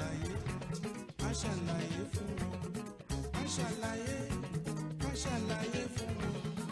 ṣàlàyé a ṣàlàyé fún wọn a ṣàlàyé a ṣàlàyé fún wọn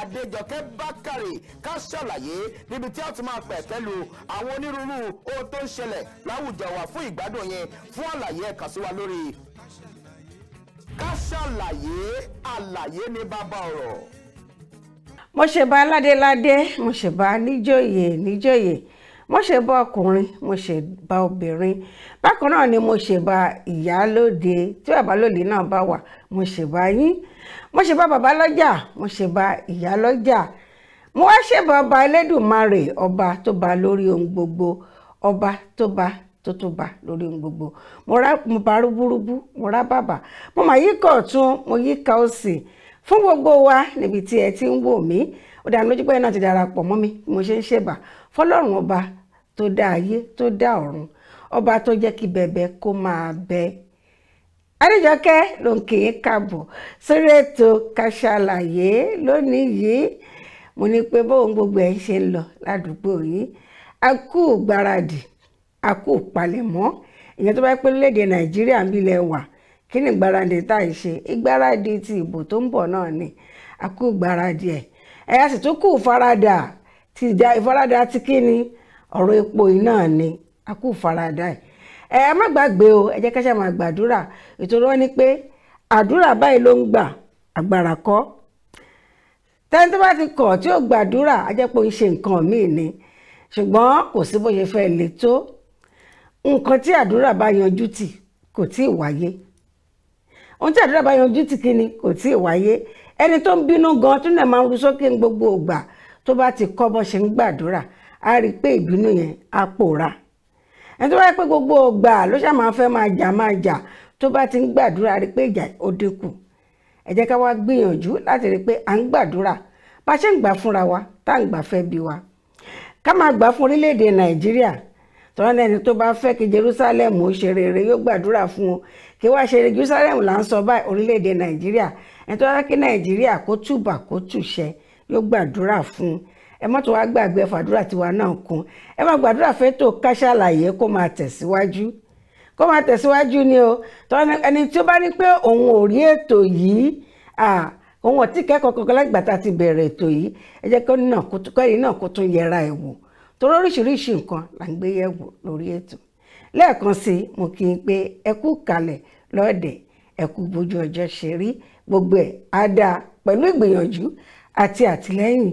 Adéjọkẹ́ Bákàrè ká ṣàlàyé níbi tí a ti máa pẹ̀kẹ́ lu àwọn onírúurú ohun tó ń ṣẹlẹ̀ láwùjọ wa fún ìgbádùn yẹn fún àlàyé ẹ kàn sí wa lórí ká ṣàlàyé àlàyé ní bàbá ọ̀rọ̀. mo ṣe bá ládéládé mo ṣe bá níjòyè níjòyè mo ṣe bá ọkùnrin mo ṣe bá obìnrin bákan náà ni mo ṣe bá ìyálóde tí bàbá lòdì náà bá wà mo ṣe bá yín mo ṣe bá bàbá lọ́jà mo ṣe bá ìyá lọ́jà mo wá ṣèbà ọba Elédùmarè ọba tó ba lórí ohun gbogbo ọba tó ba tó tó ba lórí ohun gbogbo mo rá mo bá rúbúrúbú mo rá bàbà mo mà yí kọ̀ ọ̀tún mo yí ka òsì fún gbogbo wa níbi tí ẹ ti ń wò mí ó dá lójú pé ẹ náà ti darapọ̀ mọ́ mi mo ṣe ń ṣèbà fọlọ́run ọba tó dá ayé tó dá ọ̀run ọba tó jẹ́ kí bẹ̀bẹ̀ kó máa bẹ Adéjọkẹ́ ló ń kí káàbọ̀ sórí ètò lónìí yìí mo ní pé bóun gbogbo ẹ̀ ń lọ ládùúgbò yìí a kú gbáradì a kú palẹ̀mọ́ ìyẹn tó bá pé Nàìjíríà ń bilẹ̀ wà kí ni tá à ṣe ni a kú a sì ni epo yìí náà ni a kú ẹ má gbàgbé o ẹ jẹ́ kẹ́sẹ̀ máa gbàdúrà ìtòrò ni pé àdúrà báyìí ló ń gbà agbára kọ́ tẹ́ni tó bá ti kọ̀ tí ó gbàdúrà á jẹ́ pé ó ń ṣe nǹkan míì ni ṣùgbọ́n kò sí bó ṣe fẹ́ le tó nǹkan tí àdúrà bá yanjú tì kò tí ì wáyé ohun tí àdúrà bá yanjú tì kí ni kò tí ì wáyé ẹni tó ń bínú gan tó náà máa ń ru sókè gbogbo ìgbà tó bá ti kọ́ bó ṣe ń gbàdúrà á rí i pé ìbínú yẹn á pòórá ẹni tó bá yẹ pé gbogbo ọgbà ló ṣáà máa fẹ́ máa jà máa jà tó bá ti ń gbàdúrà rí pé ìjà ó dínkù ẹ jẹ́ ká wá gbìyànjú láti rí pé à ń gbàdúrà bá ṣe ń gbà fúnra wa tá à ń gbà fẹ́ bí wa ká máa gbà fún orílẹ̀-èdè nàìjíríà tọ́lá náà ẹni tó bá fẹ́ kí jerusalem ó ṣe rere yóò gbàdúrà fún o kí wá ṣe jerusalem là ń sọ báyìí orílẹ̀-èdè nàìjíríà ẹni tó bá kí nàìjíríà kó túbà kó túṣẹ yóò gbàdúrà fún un ẹ má tún wá gbàgbé fàdúrà tiwa náà kún ẹ má gbàdúrà fẹ́tò Ká Sálàyé kó máa tẹ̀síwájú kó máa tẹ̀síwájú ni o ẹni tí ó bá ní pé òun ò rí ètò yìí òun ò kẹ́kọ̀ọ́ kankan lágbà tá a ti bẹ̀rẹ̀ ètò yìí ẹ jẹ́ kẹ́yìn náà kó tún yẹra ẹ̀ wò torí oríṣiríṣi nǹkan là ń gbé yẹ̀wò lórí ètò lẹ́ẹ̀kan sí i mo kí n pé ẹ kú kalẹ̀ lọ́ọ̀dẹ̀ ẹ kú bójú ọjọ́ ṣe rí gbogbo ẹ̀ á dáa pẹ̀lú ìgbìyànjú àti àtìlẹ́yìn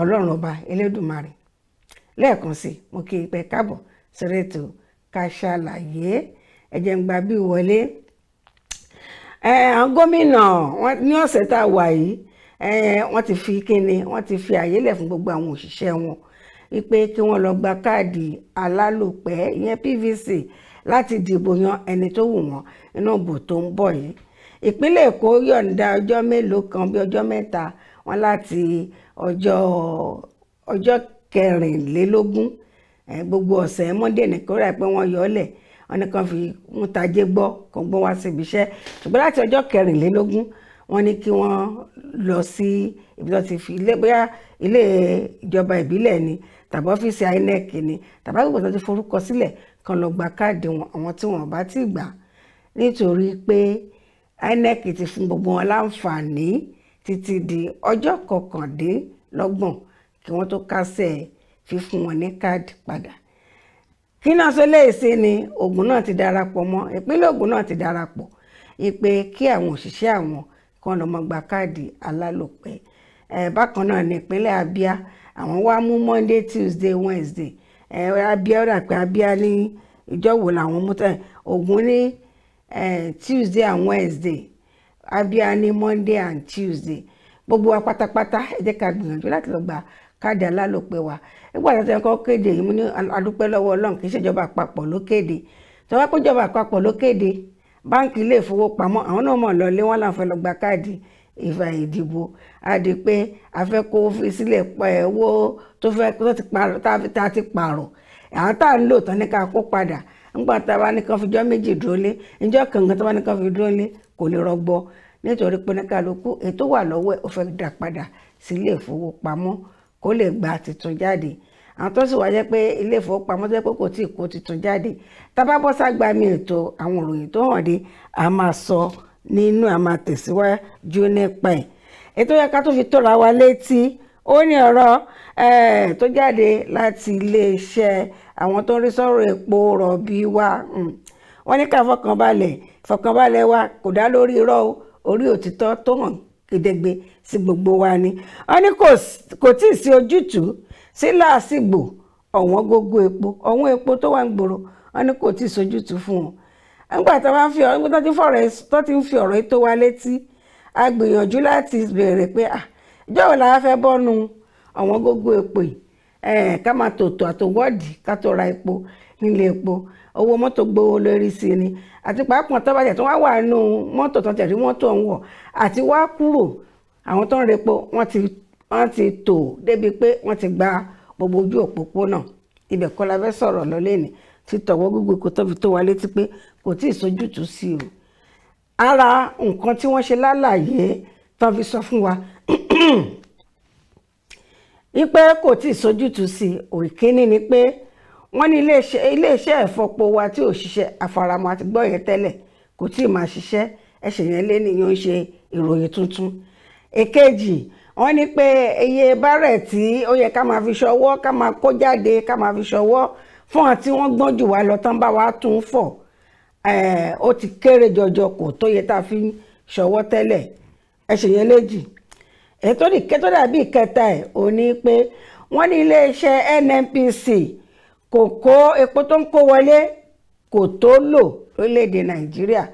ọlọ́run ọba elédùnmarè lẹ́ẹ̀kan sí mo kí i pé káàbọ̀ sórí ètò ká ṣàlàyé ẹ̀jẹ̀ ń gba bí wọlé. àwọn gómìnà ní ọ̀sẹ̀ tá a wà yìí wọ́n ti fi kíni wọ́n ti fi àyè lẹ̀ fún gbogbo àwọn òṣìṣẹ́ wọn wípé kí wọ́n lọ gba káàdì alálòpẹ́ ìyẹn PVC láti dìbò yan ẹni tó wù wọ́n inú ìbò tó ń bọ̀ yìí ìpínlẹ̀ Èkó yọ̀ǹda ọjọ́ mélòó kan bí ọjọ́ mẹ́ta wọn láti ọjọ́ ọjọ́ kẹrìnlélógún gbogbo ọ̀sẹ̀ monday ní kóra pé wọ́n yọ ọ́ lẹ̀ wọ́n ní kàn fi ń tajé gbọ́ kó gbọ́ wá síbi iṣẹ́ ṣùgbọ́n láti ọjọ́ kẹrìnlélógún wọ́n ní kí wọ́n lọ sí ibi tó ti fi ilé bóyá ilé ìjọba ìbílẹ̀ ni tàbí ọ́fíìsì inec ni tàbí àgbègbè tó ti forúkọ sílẹ̀ kan lọ gba káàdì àwọn tí wọ́n bá ti gbà nítorí pé inec ti fún gbogbo wọn láǹfààní títí di ọjọ́ kọkàndínlọ́gbọ̀n kí wọ́n tó kásẹ̀ fífún wọn ní káàdì padà kí náà sọ léèṣe ni Ògùn náà ti darapọ̀ mọ́ ìpínlẹ̀ Ògùn náà ti darapọ̀ ìpè kí àwọn òṣìṣẹ́ àwọn kan lọ́mọ gba káàdì alálòpẹ́ ẹ̀ bákan náà ní ìpínlẹ̀ Abia àwọn wá mú Monday Tuesday Wednesday Abia ó dà Abia ní ìjọ́wò làwọn mú tẹ̀ Ògùn ní Tuesday and Wednesday abia ní monday and tuesday gbogbo wa pátápátá ẹ jẹ́ ká gbìyànjú láti lọ gba káàdì alálòpẹ́ wa nígbà tó ti kọ́ kéde yìí mo ní adúpẹ́ lọ́wọ́ ọlọ́run kì í ṣèjọba àpapọ̀ ló kéde tó wá péjọba àpapọ̀ ló kéde báńkì ilé ìfowópamọ́ àwọn náà mọ̀ lọlé wọn làwọn fẹ́ lọ gba káàdì ìfà ìdìbò àdì pé a fẹ́ kó fi sílẹ̀ pa ẹ̀wọ́ tó fẹ́ tá a ti pààrọ̀ àwọn tá à ń lò tán ní ká kó padà nígbà tá a bá ní kan fi jọ́ méjì dúró lé ìjọ́ kànkan tó bá ní kan fi dúró lé kò lè rọgbọ nítorí pé oníkálukú ètò wà lọ́wọ́ ẹ̀ ó fẹ́ dà padà sí ilé ìfowópamọ́ kó lè gba titun jáde àwọn tó sì wá jẹ́ pé ilé ìfowópamọ́ tó jẹ́ pé kò tí ì kó titun jáde tábà bọ́ ságbá mi ètò àwọn ìròyìn tó hàn dé a máa sọ nínú a máa tẹ̀síwájú nípa ẹ̀ ètò yẹ ká tó fi tóra wa létí ó ní ọ̀rọ̀ eh, tó jáde láti iléeṣẹ́ àwọn tó ń rí sọ̀rọ̀ epo rọ̀bì wa hmm. wọ́n ní ká fọkàn balẹ̀ ìfọ̀kànbalẹ̀ wa kò dá lórí irọ́ o orí òtítọ́ tó hàn kedegbe sí gbogbo wa ni wọ́n ní kò tí ì sí ojútùú sí láàsìgbò ọ̀wọ́n gógó epo ọ̀wọ́n epo tó wà ń gbòòrò wọ́n ní kò tí ì sojútùú fún wọn nígbà tó bá ń fi ọ̀rọ̀ tó ti ń fi ọ̀rọ̀ tó wa létí a gbìyànjú láti béèrè pé à jọ́wọ́ la fẹ́ bọ́nu ọ̀wọ́n gógó epo yìí ká máa tòótọ́ àtòwọ́dì ká tó ra epo nílé epo owó mọ́tò gbówó lórí sí ni àti pàápàá tó bá jẹ tó wá wà nù mọ́tò tó tẹ̀rí mọ́tò ọ̀hún wọ̀ àti wá kúrò àwọn tó ń repo wọ́n ti wọ́n ti tò débi pé wọ́n ti gba gbogbo ojú òpópónà ibẹ̀ kọ́ la fẹ́ sọ̀rọ̀ lọ́lẹ́ ni títọ̀wọ́ gbogbo kò tóbi tó wa létí pé kò tí ì sójútùú sí o ara nǹkan tí wọ́n ṣe lálàyé tán fi sọ fún wa wípé kò tí ì sójútùú sí òkínní ni pé wọ́n ní iléeṣẹ́ ìfọpo wa tí ò ṣiṣẹ́ àfaramọ́ àti gbọ́ yẹn tẹ́lẹ̀ kò tí ì máa ṣiṣẹ́ ẹ̀ṣẹ̀ yẹn lé nìyẹn ń ṣe ìròyìn tuntun. èkejì wọ́n ní pé iye bárẹ̀ tí ó yẹ ká máa fi ṣọwọ́ ká máa kó jáde ká máa fi ṣọwọ́ fún àti wọ́n gbọ́n jù wá lọ tán bá wa tún fọ̀ ó ti kéré jọjọ kò tó yẹ tá a fi ṣọwọ́ tẹ́lẹ̀ ẹ̀ṣẹ̀ yẹn léjì ètò ìkẹtọ́ dàbí ìkẹta ẹ̀ òní pé wọ́n ní iléeṣẹ́ NNPC kò kó epo tó ń kó wọlé kò tó lò lórílẹ̀‐èdè nàìjíríà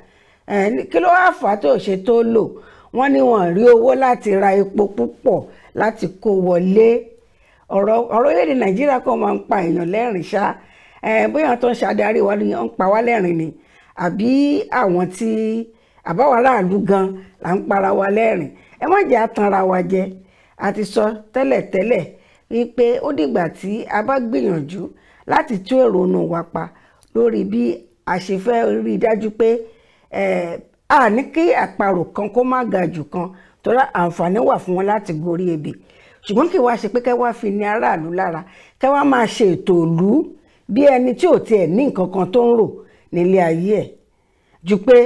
kí ló wáá fà á tó ṣe tó lò wọ́n ní wọ́n rí owó láti ra epo púpọ̀ láti kó wọlé ọ̀rọ̀ orílẹ̀‐èdè nàìjíríà kan máa ń pa èèyàn lẹ́rìn ṣá bóyá tó ń ṣàdarí wa lóyún ń pa wá lẹ́rìn ni àbí àwọn tí àbáwá aráàlú gan là ń para wa lẹ́rìn ẹ má jẹ́ àtanra wa jẹ àti sọ tẹ́lẹ̀tẹ́lẹ̀ wípé ó dìgbà tí a bá gbìyànjú láti tú èrònú wa pa lórí bí a ṣe fẹ́ rí i dájú pé a ní kí àparò kan kó má ga jù kan torí àǹfààní wà fún wọn láti gorí ebè ṣùgbọ́n kí wàá ṣe pé kẹ́ wá fi ní aráàlú lára kẹ́ wá máa ṣe ètò ìlú bí ẹni tí ò tiẹ̀ ní nǹkan kan tó ń rò nílé ayé ẹ̀ ju pé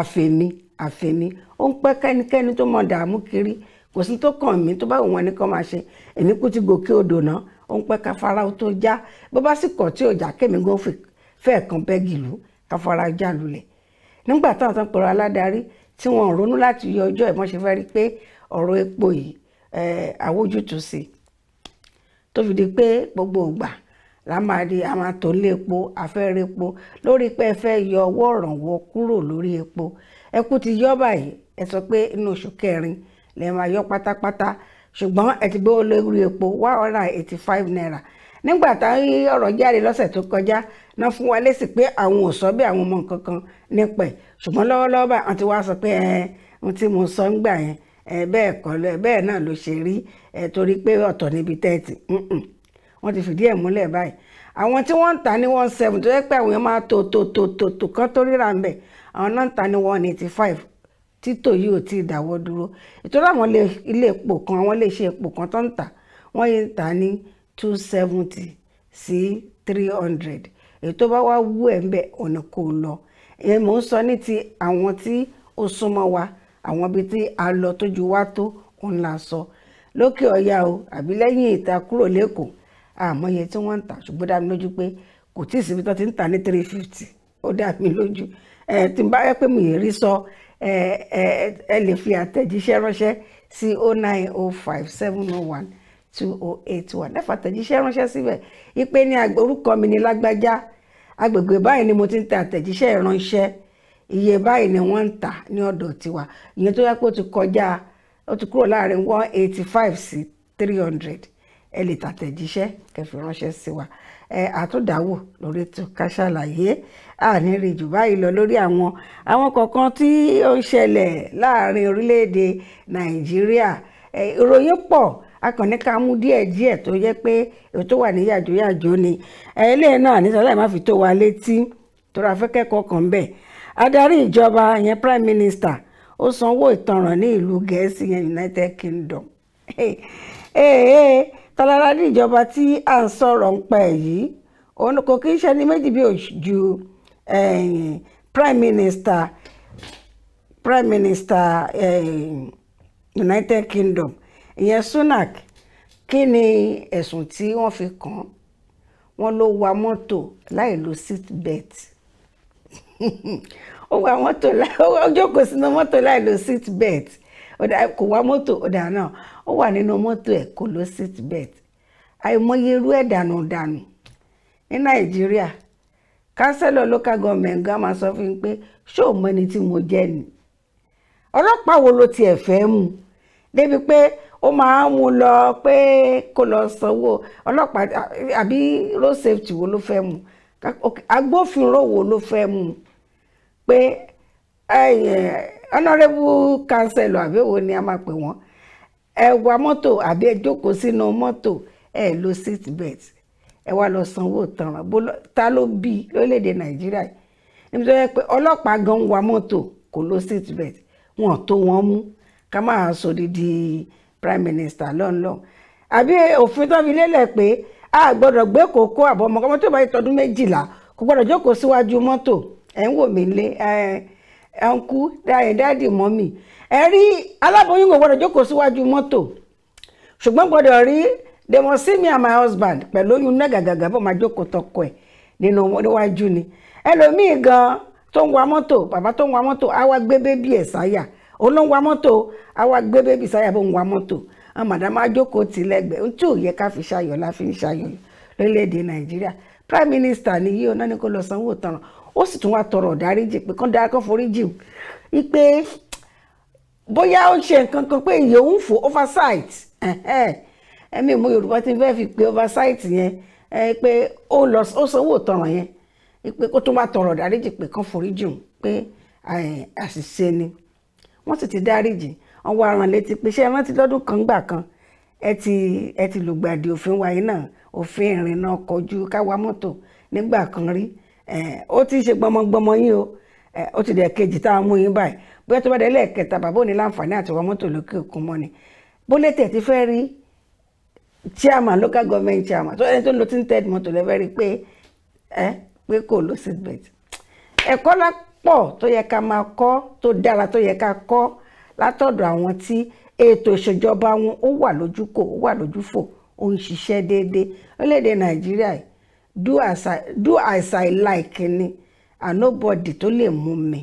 àfẹ̀mí àfẹ̀mí ó ń pẹ́ kẹ́nikẹ́ni tó mọ dààmú kiri kò sí tó kàn mí tó bá wù wọ́n ní kó máa ṣe èmi kú ti gòkè odò náà òun pẹ́ káfara ó tó já bó bá sì kọ̀ tí ò já kémi gan fẹ́ẹ̀ kan bẹ́gì lù káfara já lulẹ̀ nígbà táwọn tán pẹ̀rọ aládarí tí wọ́n ronú láti yọ ọjọ́ ìmọ̀ṣẹ́ fẹ́ rí pé ọ̀rọ̀ epo yìí àwójútu sí tó fi di pé gbogbo ìgbà la máa di a máa tò lé epo àfẹ́rẹ́ epo lórí pé ẹ fẹ́ yọ owó ọ̀rànwọ́ kúrò lórí epo ẹ kú ti yọ báyìí ẹ sọ pé inú oṣù kẹrin lè máa yọ pátápátá ṣùgbọ́n ẹ ti gbé olórí epo one hundred and eighty five naira nígbà táwọn ọ̀rọ̀ jáde lọ́sẹ̀ tó kọjá náà fún wa lésì pé àwọn ò sọ bí àwọn ọmọ nǹkan kan nípa ẹ̀ ṣùgbọ́n lọ́wọ́lọ́wọ́ báyìí wọ́n ti wá sọ pé ẹ ohun tí mo sọ ń gbà yẹn ẹ bẹ́ẹ̀ kọ́ lọ bẹ́ẹ̀ náà ló ṣe rí torí pé ọ̀tọ̀ níbi tẹ́ẹ̀tì wọ́n ti fìdí ẹ̀ múlẹ̀ báyìí àwọn tí wọ́n ń ta ní one seven tó yẹ pé àwọn yẹn máa tó tó tó tó kán tó ríra ń bẹ̀ àwọn náà ń ta ní one eighty five títò yìí ò tí ì dáwọ́ dúró ìtọ́jú àwọn ilé epo kan àwọn ilé iṣẹ́ epo kan tó ń tà wọ́n yìí ń tà ní two seventy sí three hundred èyí tó bá wá wú ẹ̀ ń bẹ̀ ọ̀nà kò lọ ìyẹn mò ń sọ ní ti àwọn tí ó súnmọ́ wa àwọn ibi tí a lọ tójú wa tó ń la sọ lókè ọ̀yà o àbí lẹ́yìn ìta kúrò lẹ́kọ̀ọ́ àmọ́yẹ tí wọ́n ń tà ṣùgbọ́n dá mi lójú pé kò tí ì síbi tó ti ń tà ní three fifty ó dá mi lójú ẹ̀ tí n bá yẹ pé mo yẹ rí sọ ẹ ẹ lè fi àtẹ̀jíṣẹ́ ránṣẹ́ sí o oh nine o oh five seven o oh one two o eight one ẹ fàtẹ̀jíṣẹ́ ránṣẹ́ síbẹ̀ ìpè ní orúkọ mi ní lágbájá agbègbè báyìí ni mo ti ń ta àtẹ̀jíṣẹ́ ìránṣẹ́ iye báyìí ni wọ́n ń tà ní ọ̀dọ̀ tiwa ìyẹn tó yẹ pé ó ti kọjá ó ti kúrò láàrin one eighty five sí three hundred ẹ lè tàtẹ̀jíṣẹ́ kẹfì ránṣẹ́ sí wa ẹ àtúndáwò lórí ètò ká àníre jù báyìí lọ lórí àwọn àwọn kọ̀ọ̀kan tí ó ń ṣẹlẹ̀ láàrin orílẹ̀-èdè nàìjíríà ìròyìn pọ̀ akànnì ká mú díẹ̀ díẹ̀ tó yẹ pé tó wà ní yàjóyàjó ni ẹlẹ́yìn náà nítorí láì má fi tó wa létí tó ra fẹ́ bẹ́ẹ̀ adarí ìjọba yẹn prime minister ó sanwó ìtanràn ní ìlú gẹ̀ẹ́sì yẹn united kingdom tọ́lára ní ìjọba tí à ń sọ̀rọ̀ ń pa ẹ̀ yìí òun kò kí ń ṣe ní méjì bí ojú um, prime minister prime minister um, united kingdom ìyẹn sunak kí ni ẹ̀sùn tí wọ́n fi kàn án wọ́n ló wa mọ́tò láì lo seat belt ó wa mọ́tò ó jókòó sínú mọ́tò láì lo seat belt kò wa mọ́tò ọ̀dà náà ó wà nínú mọ́tò ẹ̀ kò lo seat belt àìmọye irú ẹ̀ dànù dànù ní nàìjíríà kánsẹ́lọ̀ local government gan máa sọ fún mi pé ṣé ò mọ̀ ẹni tí mo jẹ́ ni ọlọ́pàá wo ló tiẹ̀ fẹ́ mu débi pé ó máa ń mu lọ pé kó lọ sanwó ọlọ́pàá àbí road safety wo ló fẹ́ mu agbófinró wo ló fẹ́ mu pé honourable councillor àbí èwo ni a máa pè wọ́n ẹ wa mọ́tò àbí ẹ jókòó sínú mọ́tò ẹ lo seat belt ẹ wá lọ sanwó tanràn ta ló bí lórílẹ̀‐èdè nàìjíríà níbi tó yẹ pé ọlọ́pàá gan ń wa mọ́tò kò lo seat belt wọn tó wọn mú ká máa sọ dídí prime minister lọ́nlọ́ àbí òfin tó fi lélẹ̀ pé a gbọ́dọ̀ gbé kókó àbọ̀ ọmọ kan mọ́tò bá yẹ tọdún méjìlá kò gbọ́dọ̀ jókòó síwájú mọ́tò ẹ̀ ń wò mí lé ẹ̀ ń kú dáadì mọ́mì ẹ̀ rí aláboyún kò gbọ́dọ̀ jókòó síwájú mọ́tò ṣùgbọ́n gbọ́dọ̀ rí they must see me and my husband pẹ̀lú oyún náà gàgàgà bó máa jókòó tọkọ ẹ̀ nínú níwájú ni ẹlòmíì gan tó ń wa mọ́tò bàbá tó ń wa mọ́tò á wá gbé bébí ẹ̀ sáyà òun ló ń wa mọ́tò á wá gbé bébí sáyà bó ń wa mọ́tò àwọn màdàmú ajókòó ti lẹ́gbẹ̀ẹ́ ohun tí yẹ ká fi ṣayọ̀ la fi ń ṣayọ̀ lórílẹ̀‐èdè nàìjíríà prime minister ni yíyọ náà ni kò lọ sanwó tanràn ó sì tún wá tọrọ ìdáríjì pé kán dára kán foríjì i pé bóyá ó ṣe nǹkan kan pé ìyẹn fò oversight ẹ̀mí ìmọ̀ yorùbá ti fẹ́ fi pé oversight yẹn pé ó lọ ó sanwó ìtanràn yẹn pé kó tó wá tọrọ dáríjì pé kán foríjì òun pé àṣìṣe ni wọ́n sì ti dáríjì wọ́n wá rán létí pé ṣé ẹ rántí lọ́dún kan gbà kan ẹ ti ẹ ti lùgbàdì òfin wáyé náà òfin ìrìnnà kọjú káwa mọ́tò nígbà kan rí ó ti ṣe gbọmọgbọmọ yín o ó ti dẹ̀ kejì tá a mú yín báyìí bóyá tó bá dé lẹ́ẹ̀kẹta bàbá ò ní láǹfààní àti wọ mọ́tò lókè òkun mọ́ ni bólẹ́tẹ̀ ti fẹ́ rí chairman local government chairman So ẹni tó ń lo tinted motor lẹ́fẹ́ rí i pé ẹ pé kò lo seatbelt ẹ̀kọ́ lápọ̀ tó yẹ ká máa kọ́ tó dára tó yẹ ká kọ́ látọ̀dọ̀ àwọn tí ètò ìṣèjọba wọn ó wà lójúkò ó wà lójúfò ó ń ṣiṣẹ́ déédéé orílẹ̀ nàìjíríà do as I do as I like ni and nobody tó lè mú mi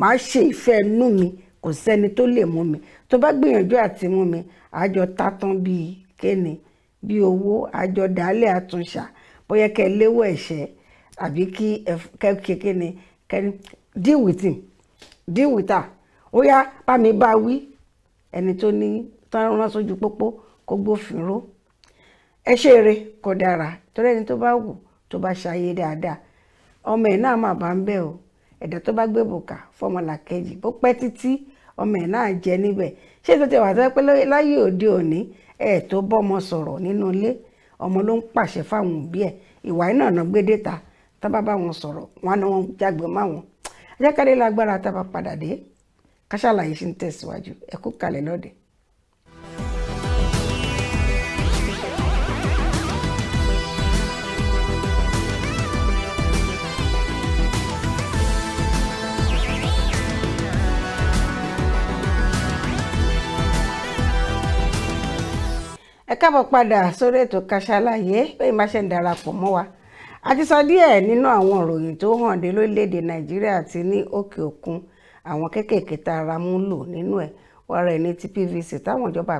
màá ṣe ìfẹ́ inú mi kò sẹ́ni tó lè mú mi tó bá gbìyànjú àti mú mi àjọ tatán bíi kéne bí owó àjọdálẹ̀ àtúnṣà bóyá kẹ́ ẹ léwọ́ ẹ̀ṣẹ̀ àbí kí ẹ kékeré ni kẹ́ni deal with him deal with her ó yá bá mi bá wí ẹni tó ní tán rán sójú pópó kó gbófin ró ẹ ṣe kò dára torí ẹni tó bá wù tó bá ṣayé dáadáa ọmọ ẹ̀ náà mà bá ń bẹ̀ o ẹ̀dá tó bá gbé bùkà fọmọlàkejì bó pẹ́ títí ọmọ ẹ̀ náà jẹ níbẹ̀ ṣé ètò ìwà tó yẹ pé láyé òde òní ẹ tó bọ́mọ sọ̀rọ̀ nínú ilé ọmọ ló ń pàṣẹ fáwọn òbí ẹ̀ ìwà iná ọ̀nà gbédè ta tá bá bá wọn sọ̀rọ̀ wọn ni wọn jágbe má wọn ajẹ́kadé lágbára tá bá padà dé ká ṣàlàyé sí ń tẹ̀síwájú ẹ kú kalẹ̀ lọ́dẹ̀ẹ́ ẹ káàbọ̀ padà sórí ètò Ká Sálàyé bẹ́ẹ̀ máa ṣe ń darapọ̀ mọ́ wa a ti sọ díẹ̀ nínú àwọn ìròyìn tó hàn dé lórílẹ̀‐èdè nàìjíríà àti ní òkè òkun àwọn kéékèèké tá a ra mú lò nínú ẹ̀ wàrà ẹni ti PVC táwọn ìjọba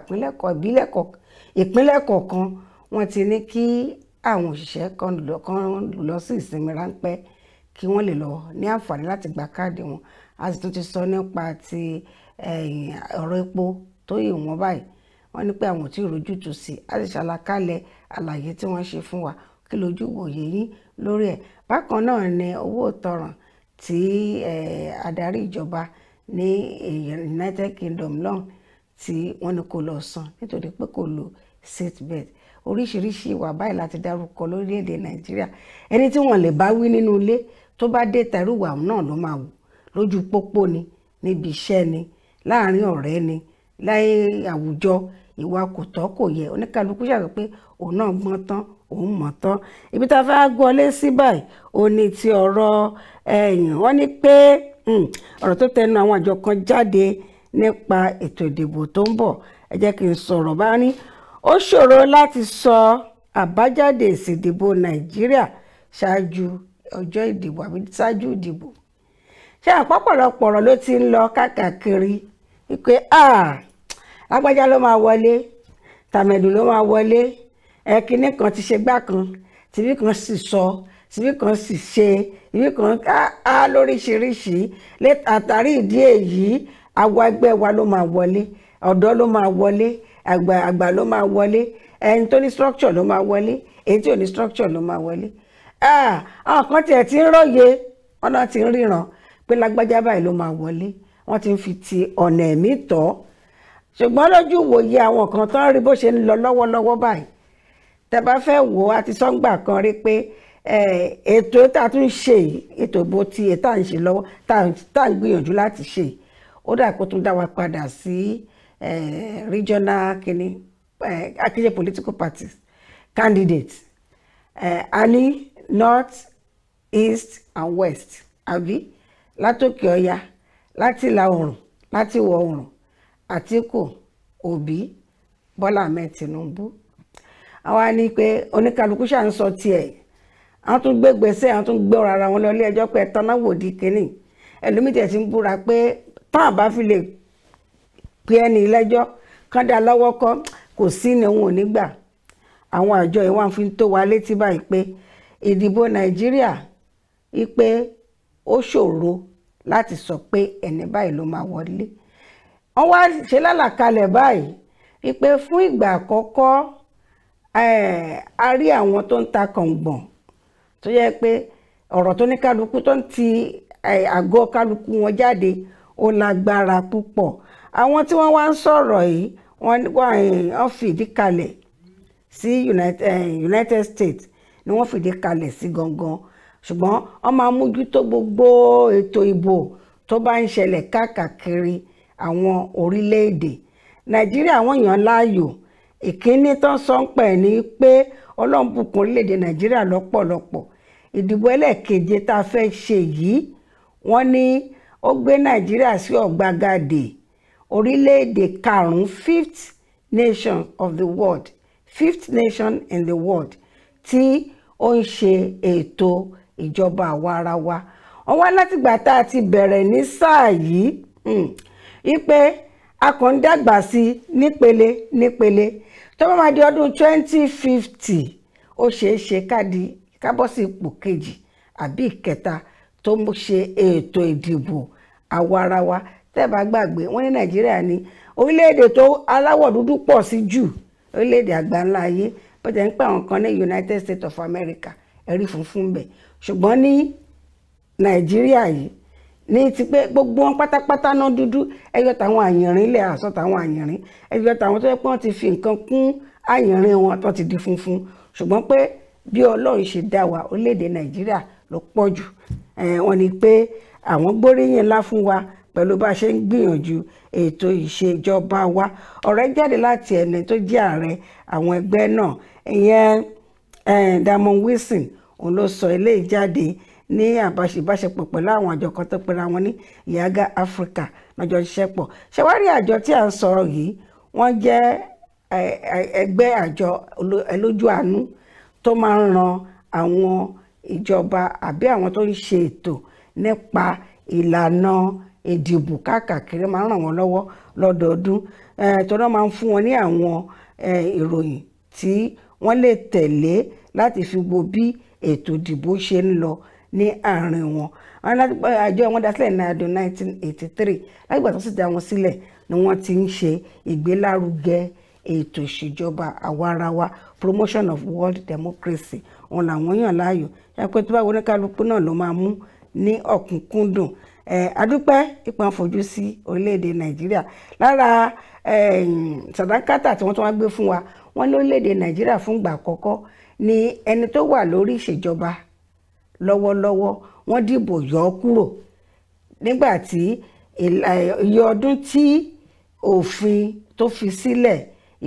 ìpínlẹ̀ kọ̀ọ̀kan wọ́n ti ní kí àwọn òṣìṣẹ́ kan lọ sí ìsinmi ráńpẹ́ kí wọ́n lè lọ ní àǹfààní láti gba káàdì wọn a sì tún ti sọ nípa ti ọ̀rọ̀ epo tó yìí wọ́n báyìí wọ́n ní pé àwọn ò tí ì rójútùú sí i a sì ṣàlàkalẹ̀ àlàyé tí wọ́n ṣe fún wa kí lójú wòye yín lórí ẹ̀ bákan náà ni owó ìtanràn tí adarí ìjọba ní United Kingdom lọ́hùn tí wọ́n ní kó lọ san nítorí pé kò lo seatbelt oríṣiríṣi ìwà báyìí láti dárúkọ lórílẹ̀‐èdè nàìjíríà ẹni tí wọ́n lè bá wí nínú ilé tó bá dé tẹrúwà náà ló máa wù lójú pópó ni níbi iṣẹ́ ni láàrin ọ̀rẹ́ ni láì àwùjọ ìwà kò tọ́ kò yẹ oníkàlùkù ṣàgbọ́ pé òun náà mọ́ tán òun mọ̀ tán ibi tá a fẹ́ gọlé sí báyìí ó ní ti ọ̀rọ̀ ẹ̀yìn wọ́n ní pé hmm, ọ̀rọ̀ tó tẹnu àwọn àjọ kan jáde nípa ètò ìdìbò tó ń bọ̀ ẹ jẹ́ kí n sọ̀rọ̀ bá ní ó ṣòro láti sọ àbájáde èsì ìdìbò nàìjíríà ṣáájú ọjọ́ ìdìbò àbí ṣáájú ìdìbò ṣé àpapọ̀lọpọ̀ ọ̀rọ̀ ló ti ń lọ káàkiri wípé ah lágbájá ló máa wọlé tàmẹ̀dù ló máa wọlé ẹ̀kíní kan ti ṣe gbá kan tìbí kan sì sọ tìbí kan sì ṣe tìbí kan á lóríṣiríṣi àtàrí ìdí èyí àwa ẹgbẹ́ wa ló máa wọlé ọ̀dọ́ ló máa wọlé àgbà ló máa wọlé ẹni tó ní structure ló máa wọlé èyí tí ò ní structure ló máa wọlé àwọn kan tiẹ̀ ti ń ròye ọ̀nà ti ń ríran pé lágbájá báyìí ló máa wọlé wọ́n ti ń fi ti ọ̀nà ẹ̀mí tọ́ ṣùgbọ́n lójú ìwòye àwọn kan tán rí bó ṣe ń lọ lọ́wọ́lọ́wọ́ báyìí tẹ bá fẹ́ wò ó àti sọ́ngbà kan rí pé ètò tá a tún ṣe ètò ìbò ti ètò à ń ṣe lọ́wọ́ tá à ń gbìyànjú láti ṣe ó dà kó tún dá wa padà sí regional kini akéde political parties candidates a north east and west àbí látòkè ọya láti ìlà oòrùn láti ìwọ̀ oòrùn Atiku Obi bọ́lá ahmed tinubu àwa ni pé oníkálukú ṣà ń sọ tiẹ̀ àwọn tún gbé gbèsè àwọn tún gbé ọ̀rọ̀ ara wọn lọ ilé ẹjọ́ pé ẹ̀tọ́náwò di kínní ẹlòmídìí ti ń búra pé táwọn bá fi lè pe ẹni lẹ́jọ́ kán dá lọ́wọ́ kọ́ kò sí ni òun ò ní gbà àwọn àjọ yìí wọ́n fi tó wa létí báyìí pé ìdìbò nàìjíríà wípé ó ṣòro láti sọ pé ẹni báyìí ló máa wọlé wọ́n wá ṣe lálàkalẹ̀ báyìí wípé fún ìgbà àkọ́kọ́ a rí àwọn tó ń ta kàngbọ̀n tó yẹ pé ọ̀rọ̀ tó ní kálukú tó ń ti àgọ́ kálukú wọn jáde ó lágbára púpọ̀ àwọn tí wọ́n wá ń sọ̀rọ̀ yìí wọ́n fìdí kalẹ̀ sí United States ni wọ́n fìdí kalẹ̀ sí gangan ṣùgbọ́n wọ́n máa mójútó gbogbo ètò ìbò tó bá ń ṣẹlẹ̀ káàkiri àwọn orílẹ̀-èdè nàìjíríà àwọn èèyàn láàyò ìkíní tó sọ ń pẹ̀ ní pé ọlọ́run bùkún orílẹ̀-èdè nàìjíríà lọ́pọ̀lọpọ̀ ìdìbò ẹlẹ́ẹ̀keje tá a fẹ́ ṣe yìí wọ́n ní ó gbé nàìjíríà sí ọ̀gbagadè orílẹ̀-èdè karùn-ún fifth nation of the world fifth nation in the world tí ó ń ṣe ètò ìjọba àwa ara wa wọ́n wá látìgbà tá a ti bẹ̀rẹ̀ ní sáà yìí hmm, ipe a kàn ń dàgbà sí i nípele nípele tó bá máa di ọdún twenty fifty ó ṣeé ṣe ká di ká bọ́ sí ipò kejì àbí ìkẹta tó ń ṣe ètò ìdìbò àwarawa tẹ́ bá gbàgbé wọ́n ní nàìjíríà ní orílẹ̀-èdè tó aláwọ̀ dúdú pọ̀ sí jù orílẹ̀-èdè àgbáńlá ayé bó ti ń pè àwọn kan ní United States of America ẹ̀rí funfun bẹ̀ ṣùgbọ́n ní nàìjíríà yìí ní ti pé gbogbo wọn pátápátá náà dúdú ẹyọ táwọn àyìnrín ilẹ̀ àṣọ táwọn àyìnrín ẹyọ táwọn tó yẹ pé wọ́n ti fi nǹkan kún àyìnrín wọn tó ti di funfun ṣùgbọ́n pé bí ọlọ́run ṣe dá wa orílẹ̀-èdè nàìjíríà ló pọ̀ jù wọ́n ní pé àwọn gbóríyìn ńlá fún wa pẹ̀lú bá a ṣe ń gbìyànjú ètò ìṣèjọba wa ọ̀rẹ́ jáde láti ẹni tó jẹ́ ààrẹ àwọn ẹgbẹ́ náà ìyẹn Diamond Wilson òun ló sọ eléyìí jáde ní àbáṣepọ̀ pẹ̀lú àwọn àjọ kan tó pera wọn ní ìyága Africa lọ́jọ́ ṣiṣẹ́ pọ̀ ṣẹwárí àjọ tí à ń sọ̀rọ̀ yìí wọ́n jẹ́ ẹgbẹ́ àjọ ẹlójú àánú tó máa ń ran àwọn ìjọba àbí àwọn tó ń ṣe ètò nípa ìlànà ìdìbò káàkiri máa ń ràn wọ́n lọ́wọ́ lọ́dọọdún tọ́nà máa ń fún wọn ní àwọn ìròyìn tí wọ́n lè tẹ̀lé láti fi wo bí ètò ìdìbò ṣe ń lọ ní àárín wọn àjọ wọn dasílẹ̀ ní adùn 1983 lágbà tó sì dá wọn sílẹ̀ ni wọ́n ti ń ṣe ìgbélárugẹ ètò ìṣèjọba àwarawa promotion of world democracy òun làwọn yàn láàyò ẹpẹ tó bá wọlé kálukú náà ló máa mú ní ọ̀kúnkúndùn adúpẹ́ ipa fojú sí orílẹ̀-èdè nàìjíríà lára sàdákàtà tí wọ́n tún wá gbé fún wa wọ́n ní orílẹ̀-èdè nàìjíríà fún ìgbà àkọ́kọ́ ni ẹni tó wà lórí ìṣèjọba lọ́wọ́lọ́wọ́ wọ́n dìbò yọ ọ́ kúrò nígbà tí iye ọdún tí òfin tó fi sílẹ̀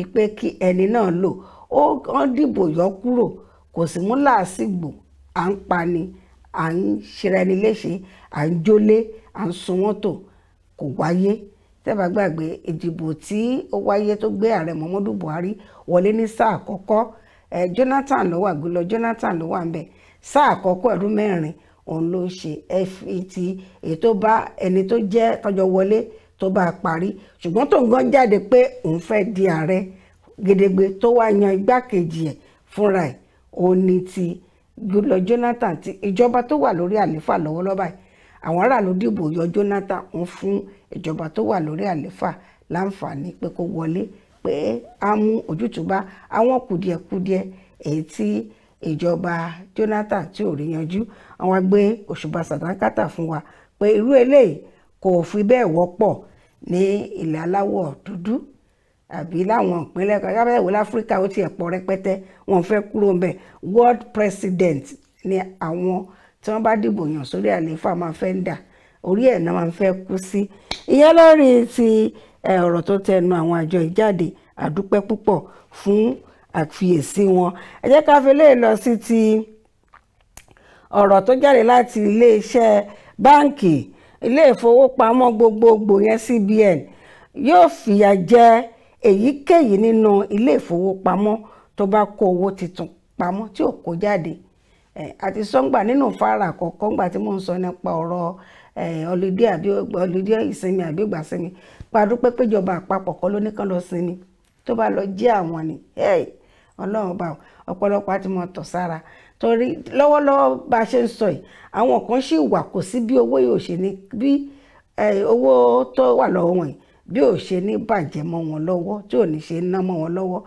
ìpè kí ẹni náà lò ó wọ́n dìbò yọ ọ́ kúrò kò sí mú làásìgbò à ń pani à ń ṣera ẹni léṣe à ń jólé à ń sun mọ́tò kò wáyé tẹ́bà gbàgbé ìdìbò tí ó wáyé tó gbé ààrẹ Muhammadu Buhari wọlé ní sáà àkọ́kọ́ Jonathan ló wà gúlọ Jonathan ló wà ń bẹ̀ sáà àkọ́kọ́ ẹ̀rú mẹ́rin òun ló ṣe fet èyí tó bá ẹni tó jẹ́ tọjọ́ wọlé tó bá parí ṣùgbọ́n tó ń gan jáde pé òun fẹ́ di ààrẹ gedegbe tó wá yan igbákejì ẹ̀ fúnra ẹ̀ òun ni ti gúlọ Jonathan ti ìjọba tó wà lórí àlééfà lọ́wọ́lọ́wọ́ báyìí àwọn aráàlú dìbò yọ Jonathan ń fún ìjọba tó wà lórí àlééfà láǹfààní pé kó wọlé pé a mú ojútùú bá àwọn kùdìẹ̀kudiẹ èyí tí ìjọba Jonathan tí ò rí yanjú àwọn gbé òṣùbà sàdákàtà fún wa pé irú eléyìí kò fi bẹ́ẹ̀ wọ́pọ̀ ní ilẹ̀ aláwọ̀ dúdú àbí láwọn ìpínlẹ̀ kan yàrá ìwé láfíríkà ó tiẹ̀ pọ̀ rẹpẹtẹ wọn fẹ́ kúrò ń bẹ̀ world president ni àwọn tí wọ́n bá dìbò yàn sórí àlééfà máa fẹ́ ń dà orí ẹ̀ náà máa fẹ́ kú sí ìyẹn lórí ti. Si, ọ̀rọ̀ tó tẹnu àwọn àjọ ìjáde àdúpẹ́ púpọ̀ fún àfiyèsí wọn ẹ jẹ́ ká fi léè lọ sí ti ọ̀rọ̀ tó jáde láti iléeṣẹ́ báǹkì ilé ìfowópamọ́ gbogbogbò yẹn CBN yóò fìyà jẹ èyíkéyìí nínú ilé ìfowópamọ́ tó bá kó owó titun pamọ́ tí ò kó jáde àti sọ́ngbà nínú fara àkọ́kọ́ ngbà tí mò ń sọ nípa ọ̀rọ̀ ọ̀lùdí ìsinmi àbí ìgbàsinmi padúpẹ́ péjọba àpapọ̀ kọ́ ló ní kán lọ sinmi tó bá lọ jẹ́ àwọn ni ọlọ́run bá ọ̀pọ̀lọpọ̀ àti mọ̀ tọ̀ sára torí lọ́wọ́lọ́wọ́ bá a ṣe ń sọ yìí àwọn kan ṣì wà kò sí bí owó yóò ṣe ní bí owó tó wà lọ́wọ́ wọn yìí bí ò ṣe ní bàjẹ́ mọ́ wọn lọ́wọ́ tí ò ní ṣe ná mọ́ wọn lọ́wọ́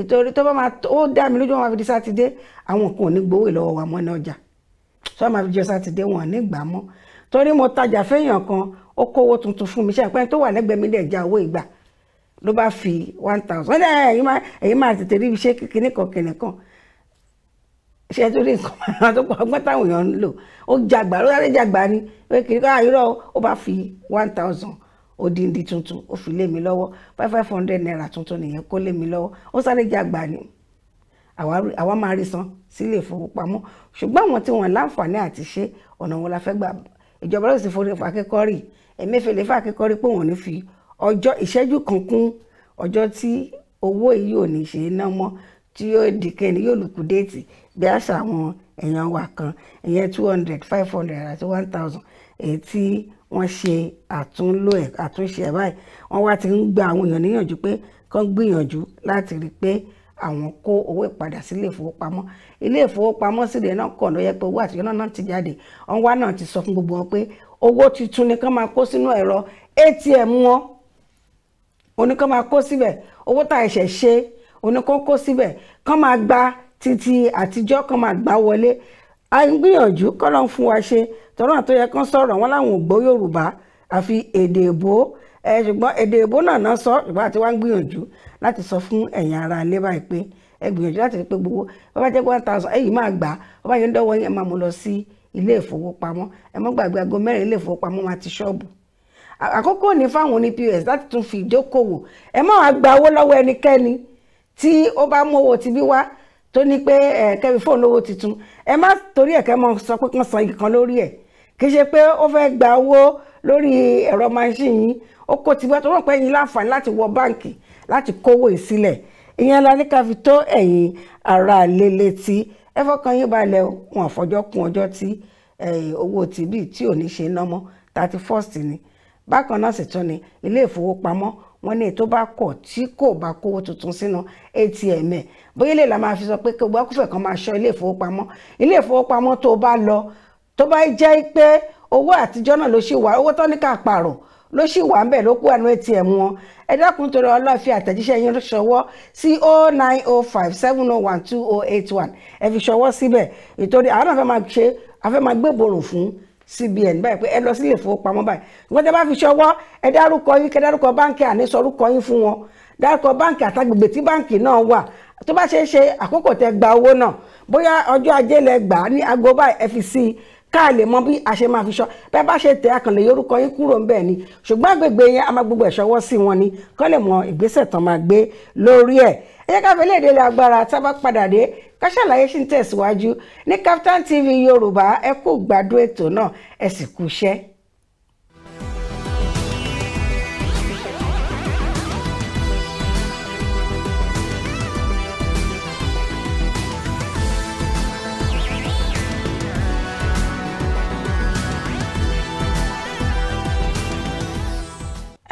ìtorí tó bá máa ó dá mi lójú wọn máa fi di sátidé àwọn kan ò ní gbowó ìlọ́wọ́ wa mọ́ ní ọjà tó máa fi jọ sátidé wọn ò ní gbà mọ́ torí mo tajà fẹ́yàn kan ó kówó tuntun fún mi ṣe àpẹẹrẹ tó wà lẹ́gbẹ̀ẹ́ mi dẹ̀ já owó ìgbà ló bá fi one thousand wọ́n dẹ̀ ẹ̀yin máa ẹ̀yin máa tètè rí iṣẹ́ kékeré kan kẹ̀lẹ́ kan ṣe tó rí nǹkan máa tó pa ọgbọ́n táwọn èèyàn ń lò ó jàgbà ló sáré jàgbà ni pé kiri ká ah, irọ́ ó bá fi one thousand odindi tuntun ó fi lé mi lọ́wọ́ five five hundred naira tuntun nìyẹn kó lé mi lọ́wọ́ ó sáré jàgbà ni àwa máa rí san sílé ìfowópamọ́ ṣùgbọ́n àwọn tí wọ́n láǹfààní àti ṣe ọ̀nà wọn la fẹ́ gbà ìjọba ló sì forí akẹ́kọ̀ọ́rì ẹ̀mẹ́fẹ̀lẹ́ fún akẹ́kọ̀ọ́rì pé wọ́n ní fi ọjọ́ ìṣẹ́jú kan kún ọjọ́ tí owó yìí ò ní ṣe é ná mọ́ tí yóò di kẹ́ni yóò lùkù déètì bí àṣà àwọn èèyàn wa kan ìyẹn two hundred five hundred àti one thousand èyí tí wọ́n ṣe àtúnlò ẹ̀ àtúnṣe ẹ̀ báyìí wọ́n wá ti ń gba àwọn èèyàn níyànjú pé kán gbìyànjú láti rí i pé àwọn kó owó ìpadà sí ilé ìfowópamọ́ ilé ìfowópamọ́ sì rẹ̀ náà kàn ló yẹ pé owó àtijọ́ náà náà ti jáde wọn wá náà ti sọ fún gbogbo wọn pé owó tuntun ni kán máa kó sínú ẹ̀rọ atm wọn oníkan máa kó síbẹ̀ owó tá ẹ̀ṣẹ̀ ṣe oníkan kó síbẹ̀ kán máa gba títí àtijọ́ kán máa gba wọlé a ń gbìyànjú kọ́lọ́ fún wa ṣe tọ́lọ́ tó yẹ kán sọ̀rọ̀ wọn láwọn ò gbọ́ Yorùbá àfi èdè èbó ṣùgbọ́n èdè èbó náà náà sọ ṣùgbọ́n àti wá ń gbìyànjú láti sọ fún ẹ̀yin ará ilé báyìí pé ẹ gbìyànjú láti rí pé gbogbo bó bá jẹ́ one thousand ẹ̀yin máa gbà bó bá yẹn dọ́wọ́ yẹn máa mú lọ sí ilé ìfowópamọ́ ẹ mọ́ gbàgbé aago mẹ́rin ilé ìfowópamọ́ máa ti ṣọ́ọ̀bù àkókò ní fáwọn oní pọ́s láti tún fi ìdókòwò ẹ má wàá gba owó lọ́wọ́ ẹnikẹ́ni tí ó bá mú owó tibí wá tó ní pé ẹ kẹ́mi fóònù owó tuntun ẹ má torí ẹ̀kẹ́ mọ sọ pé kán san ìkan lórí ẹ̀ kì í ṣe pé ó fẹ́ gba owó lórí ẹ̀rọ máṣíìnì yìí ó kó tibí wá tó rọ̀ pé yín láǹfààní láti wọ báǹkì láti kówó ìsílẹ̀ ìyẹn la ní ká fi tó ẹ̀yin aráalé létí ẹ fọkàn yín balẹ̀ wọn àfọjọ́ kún ọjọ́ tí owó tìbí tí ò ní ṣe ná mọ́ thirty first ni bákan náà sì tún ni ilé ìfowópamọ́ wọn ní ètò bá kọ̀ tí kò bá kówó tuntun sínú atm ẹ̀ bóyá ilé la máa fi sọ pé kí gbogbo akúfẹ̀ kan máa ṣọ́ ilé ìfowópamọ́ ilé ìfowópamọ́ tó bá lọ tó bá jẹ́ pé owó àtijọ́ náà ló ṣe wà owó tó ní ká pààrọ̀ ló sì wà ń bẹ̀ ló kú àánú atm wọn ẹ dákun torí ọlọ́run fi àtẹ̀jíṣẹ́ yín ṣọwọ́ sí o oh nine o oh five seven o oh one two o eight one ẹ fi ṣọwọ́ síbẹ̀ ìtòrí àwọn àfẹ́ máa ṣe àfẹ́ máa gbébòrò fún cbn báyìí pé ẹ lọ sílé ìfowópamọ́ báyìí ìwọ́n tẹ́ bá fi ṣọwọ́ ẹ dárúkọ yín kẹ́ dárúkọ báǹkì àníṣọrúkọ yín fún wọn dárúkọ báǹkì àtàgbègbè tí báǹkì náà wà tó bá ṣeé ṣe àkókò tẹ́ gba owó náà bóyá ọjọ́ ajé lẹ gbà á ní aago báyìí ẹ fi sí i ká lè mọ bí a ṣe máa fi ṣọ́ bẹ́ẹ̀ bá ṣe tẹ akànlè yorùkọ yín kúrò ń bẹ̀ ni ṣùgbọ́n àgbègbè yẹn a máa gbogbo ẹ̀ ṣọwọ́ sí wọn ni kọ́ lè mọ ìgbésẹ̀ tán máa gbé lórí ẹ jẹ́ ká léde ilẹ̀ agbára tá padà dé ká ṣàlàyé ń tẹ̀síwájú ní Kaftan TV yorùbá ẹ kú gbádùn ètò náà ẹ sì kú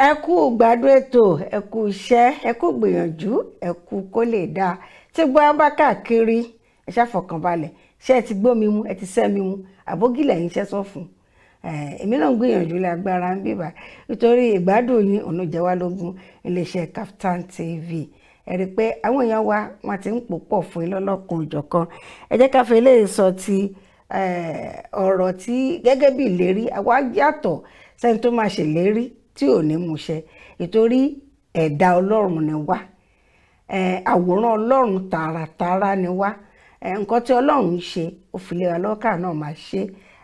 ẹ kú gbádùn ètò ẹ kú iṣẹ́ ẹ kú gbìyànjú ẹ kú kó lè dáa tí gbọ́n bá káàkiri ẹ ṣàfọkànbalẹ̀ ṣé ẹ ti gbómi mu ẹ ti sẹ́mi mu àbógìlẹ̀ yín ṣẹ́ sọ fún èmi náà ń gbìyànjú lágbára ń bíbà nítorí ìgbádùn yín ọ̀nà jẹ́wá lógún iléeṣẹ́ Kaftan TV ẹ rí i pé àwọn èèyàn wa wọn ti ń pò pọ̀ fún yín lọ́lọ́kun ìjọ̀kan ẹ jẹ́ ká fẹ́ eléyìí sọ ti ọ̀rọ̀ tí gẹ́gẹ́ bí ìlérí àwa yàtọ̀ sẹ́ni tó máa ṣèlérí tí ò ní múṣẹ ìtorí ẹ̀dá ọlọ́run ni wá àwòrán ọlọ́run tààràtààrà ni wá nǹkan tí ọlọ́run ń ṣe ó fi lé wa lọ́kà náà máa ṣe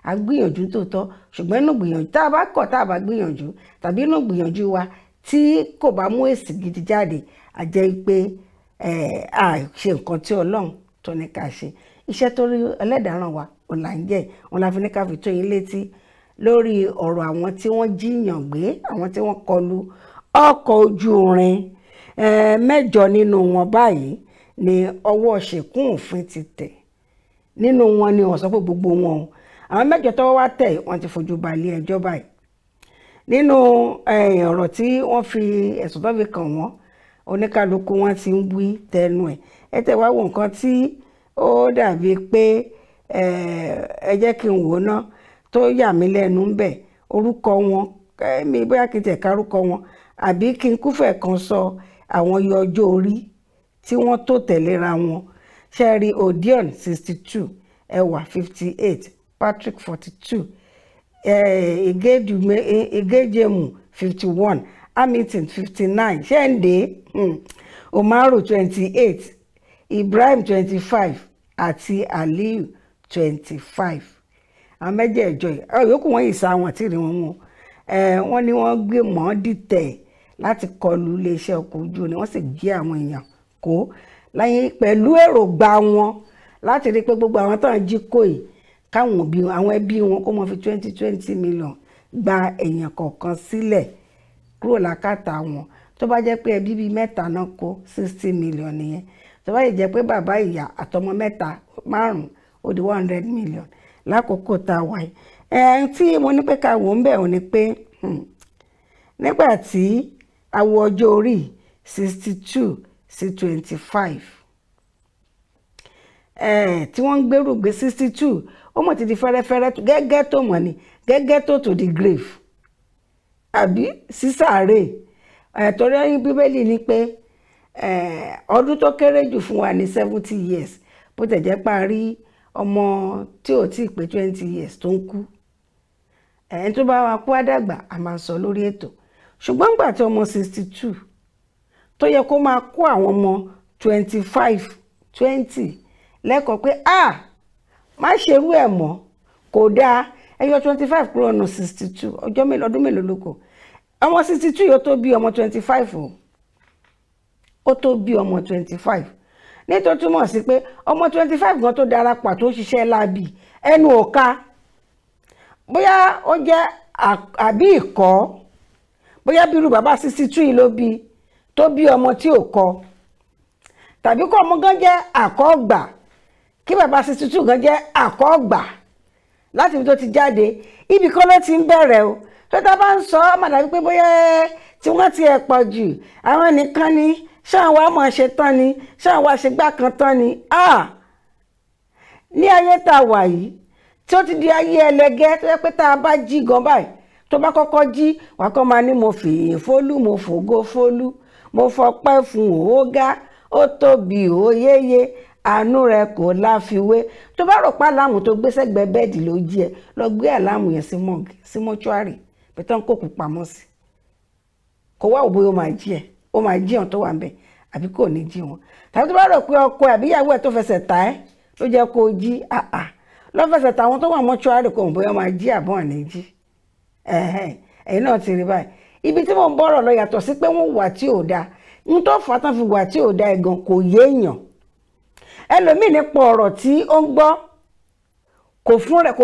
á gbìyànjú tó tọ́ ṣùgbọ́n inú gbìyànjú tá a bá kọ̀ tá a bá gbìyànjú tàbí inú gbìyànjú wa tí kò bá mú èsì gidi jáde á jẹ́ pé a ṣe nǹkan tí ọlọ́run tó ní ká ṣe iṣẹ́ tó rí ẹlẹ́dàá ràn wá ọ̀la ń jẹ́ ọ̀la fi ní ká fi tó yín létí lórí ọ̀rọ̀ àwọn tí wọ́n jíyàn gbé àwọn tí wọ́n kọlu ọkọ̀ ojú irin mẹ́jọ nínú wọn báyìí ni ọwọ́ ṣèkún òfin ti tẹ̀ nínú wọn ni wọ́n sọ pé gbogbo wọn o àwọn mẹ́jọ tọ́wọ́ wá tẹ̀ wọ́n ti fojú balẹ̀ ẹjọ́ báyìí nínú ọ̀rọ̀ tí wọ́n fi ẹ̀sùn tó fi kàn wọ́n oníkálukú wọn ti ń wí tẹnu ẹ̀ ẹ tẹ̀ wá wo nǹkan tí ó dàbí pé ẹ jẹ́ kí n wò náà tó yà mí lẹ́nu ńbẹ̀ orúkọ wọn mi bóyá kí n tẹ̀ kárúkọ wọn àbí kí n kúfẹ̀ kan sọ àwọn iye ọjọ́ orí tí wọ́n tó tẹ̀léra wọn sherry odion sixty two ẹwà fifty eight patrick forty two egejemu fifty one hamilton fifty nine ṣẹ́ǹdé hmm. umaru twenty eight ibrahim twenty five àti aliyu twenty five àwọn mẹ́jẹ̀ẹ̀jọ yìí ọ̀rọ̀ yòókù wọn yìí sọ àwọn tí rí wọn mú wọn ni wọ́n gbé mọ́ dìtẹ̀ láti kọlu iléeṣẹ́ ọkọ̀ ojú ni wọ́n sì jí àwọn èèyàn kó lẹ́yìn pẹ̀lú èròǹgbà wọn láti rí pé gbogbo àwọn tó ń jí kó yìí káwọn òbí àwọn ẹbí wọn kó mọ fi twenty twenty million gba èèyàn kọ̀ọ̀kan sílẹ̀ kúrò lákàtà wọn tó bá jẹ́ pé ẹbí bíi mẹ́ta náà kó sixty million nìyẹn tó bá yẹ jẹ́ pé bàbá ìyá àtọmọ mẹ́ta márùn-ún ó di one hundred million lákòókò tá a wà yìí ẹ̀ẹ́n tí mo ní pé ká wò ń bẹ̀ ò ní pé hmm, nígbà tí a ọjọ́ orí sixty two sí twenty five tí wọ́n ń gbèrú gbé sixty two ó mọ̀ ti di fẹ́rẹ́fẹ́rẹ́ gẹ́gẹ́ tó mọ̀ ni gẹ́gẹ́ tó to the grave àbí sísàárè ẹ̀tọ́rí ẹ̀yìn bíbélì ni pé ọdún tó kéré jù fún wa ní seventy years bó tẹ̀ jẹ́ parí ọmọ tí ò tí pé twenty years tó ń kú ẹ̀ẹ́n tó bá wa kú àdàgbà a máa sọ lórí ètò ṣùgbọ́n nígbà tí ọmọ sixty two tó yẹ kó máa kó àwọn ọmọ twenty five twenty lẹ́kọ̀ọ́ pé a má ṣerú ẹ̀ mọ́ kò dáa ẹyọ twenty five kúrò ọ̀nà sixty two ọjọ́ mélòó ọdún mélòó ló kù ọmọ sixty two yóò tó bí ọmọ twenty five o ó tó bí ọmọ twenty five ní tó túmọ̀ sí pé ọmọ twenty five gan tó darapọ̀ tó ṣiṣẹ́ láabi ẹnu ò ka bóyá ó jẹ́ àbí ìkọ́ bóyá bírú bàbá sixty two ló bí tó bí ọmọ tí ò kọ tàbí kó ọmọ gan jẹ́ àkọ́gbà kí bàbá sixty two gan jẹ́ àkọ́gbà láti ibi tó ti jáde ibì kan ló ti ń bẹ̀rẹ̀ o tó tá a bá ń sọ ọ́ màdàbí pé bóyá tí wọ́n ti ẹ̀ pọ̀ jù àwọn nìkan ni. Kani, ṣé àwa máa ṣe tán ni ṣé àwa ṣe kan tán ni ah ní ayé tá a wà yìí tí ó ti di ayé ẹlẹgẹ́ tó yẹ pé tá a bá jí gan báyìí tó bá kọ́kọ́ jí wàá kọ́ máa ní mo fèyìn fólú mo fògo fólú mo fọpẹ́ fún òógá ó tóbi òóyéyé àánú rẹ kò láfiwé tó bá rò pa aláàmù tó gbé sẹ́gbẹ̀ẹ́ bẹ́ẹ̀dì ló jí ẹ lọ gbé aláàmù yẹn sí mọ́ṣúárì pé tán kò kú pamọ́ sí kò wá òbí ó máa jí ẹ O máa jí àwọn tó wà ń bẹ̀ àbí kò ní jí wọn tàbí tó bá rò pé ọkọ àbí ìyàwó ẹ̀ tó fẹsẹ̀ ta ẹ́ ló jẹ́ kó jí àà lọ́ fẹsẹ̀ ta àwọn tó wà mọ́ṣúárì kò ń bóyá máa jí àbọ̀n ní jí ẹ̀yin náà ti rí báyìí ibi tí mo ń bọ̀rọ̀ lọ yàtọ̀ sí pé wọ́n wà tí ò dáa ń tó fà á tán fi wà tí ò dáa ẹ̀gàn kò yéèyàn ẹlòmíì nípa ọ̀rọ̀ tí ó ń gbọ́ kò fún rẹ̀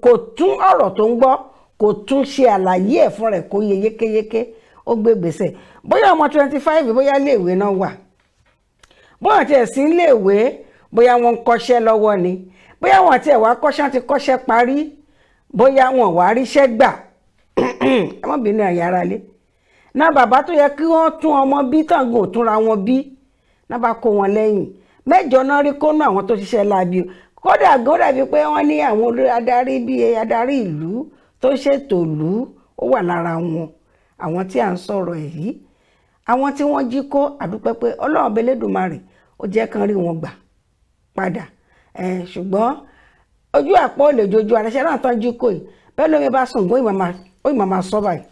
kò tún ọ̀rọ̀ tó ń gbọ́ kò tún ṣe àlàyé ẹ̀ fún rẹ̀ kó yé yékéyéké ó gbé gbèsè bóyá ọmọ twenty five bóyá iléèwé náà wà bóyá tiẹ̀ sí iléèwé bóyá wọ́n ń kọ́ṣẹ́ lọ́wọ́ ni bóyá wọ́n tiẹ̀ wá kọ́ṣẹ́ ti kọ́ṣẹ́ parí bóyá wọ́n wá ríṣẹ́ gbà ẹ má bínú ẹ̀yà ara lé náà bàbá tó yẹ kí wọ́n tún ọmọ bí tàǹgò túnra wọn bí náà bá kó wọn lẹ́yìn mẹ́jọ náà rí kónú àwọn tó ṣiṣẹ́ láabi kódà gódà bíi pé wọ́n ní àwọn adarí bíi adarí ìlú tó ṣètò ìlú ó wà lára wọn àwọn tí à ń sọ̀rọ̀ ẹ̀ yìí àwọn tí wọ́n jí kó àdúpẹ́ pé ọlọ́run belédùmarè ó jẹ́ kan rí wọn gbà padà ṣùgbọ́n ojú àpọ̀ ò lè jojú àrẹsẹ̀ náà tán jí kó yìí bẹ́ẹ̀ lómi bá sùn gbóyìn màmá máa sọ báyìí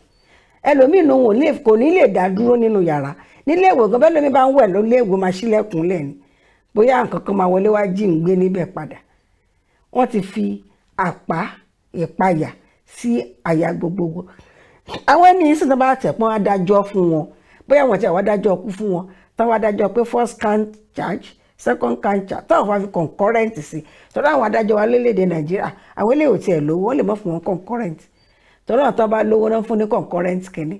ẹlòmíì lòun kò ní lè dá dúró nínú yàrá nílé ìwò bẹ́ẹ̀ lómi bá ń wẹ̀ lólé ìwò máa ṣílẹ̀kùn lẹ́ni bóyá nǹkan kan máa wọlé wá jí ń gbé níbẹ̀ padà wọ́n ti fi àpá ìpayà sí àyà gbogbogbò àwọn ẹni yìí sì tó bá tẹ̀pọ́n adájọ́ fún wọn bóyá wọn ti àwọn adájọ́ kú fún wọn táwọn adájọ́ pé first count charge second count charge táwọn wá fi concurrent sí tọ́lá àwọn adájọ́ wa lélẹ́dẹ̀ nàìjíríà àwọn eléyìí ò tiẹ̀ lówó wọ́n lè mọ̀ fún wọn concurrent tọ́lá tó bá lówó náà fún ní concurrent kìíní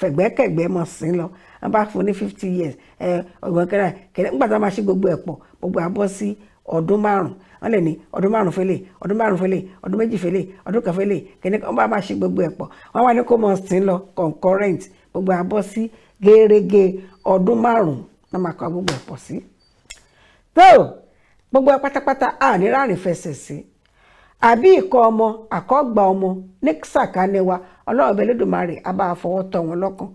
fẹ̀gbẹ́kẹ̀gbẹ́ mọ̀ sí lọ wọ́n bá fún ní fifty years ọgbọ̀n kẹrẹ kẹrẹ nígbà tá a máa ṣe gbogbo ẹ̀ pọ̀ gbogbo àbọ̀ sí ọdún márùn wọn lè ní ọdún márùn fẹlẹ ọdún márùn fẹlẹ ọdún méjì fẹlẹ ọdún kan fẹlẹ kìnìún kan bá máa ṣe gbogbo ẹ̀ pọ̀ wọn wá ní kó mọ sí lọ concurrent gbogbo àbọ sí gẹ́rẹ́gẹ́ ọdún márùn wọn máa kọ gbogbo ẹ̀ pọ̀ sí. tó gbogbo ẹ̀ pátápátá a ní ráàrin fẹsẹ̀ sí àbí ikọ̀ ọmọ àkọ́gbà ọmọ ní sàkánì wa ọlọ́run bẹ lódùmarè a bá fọwọ́ tọ́ wọn lọ́kàn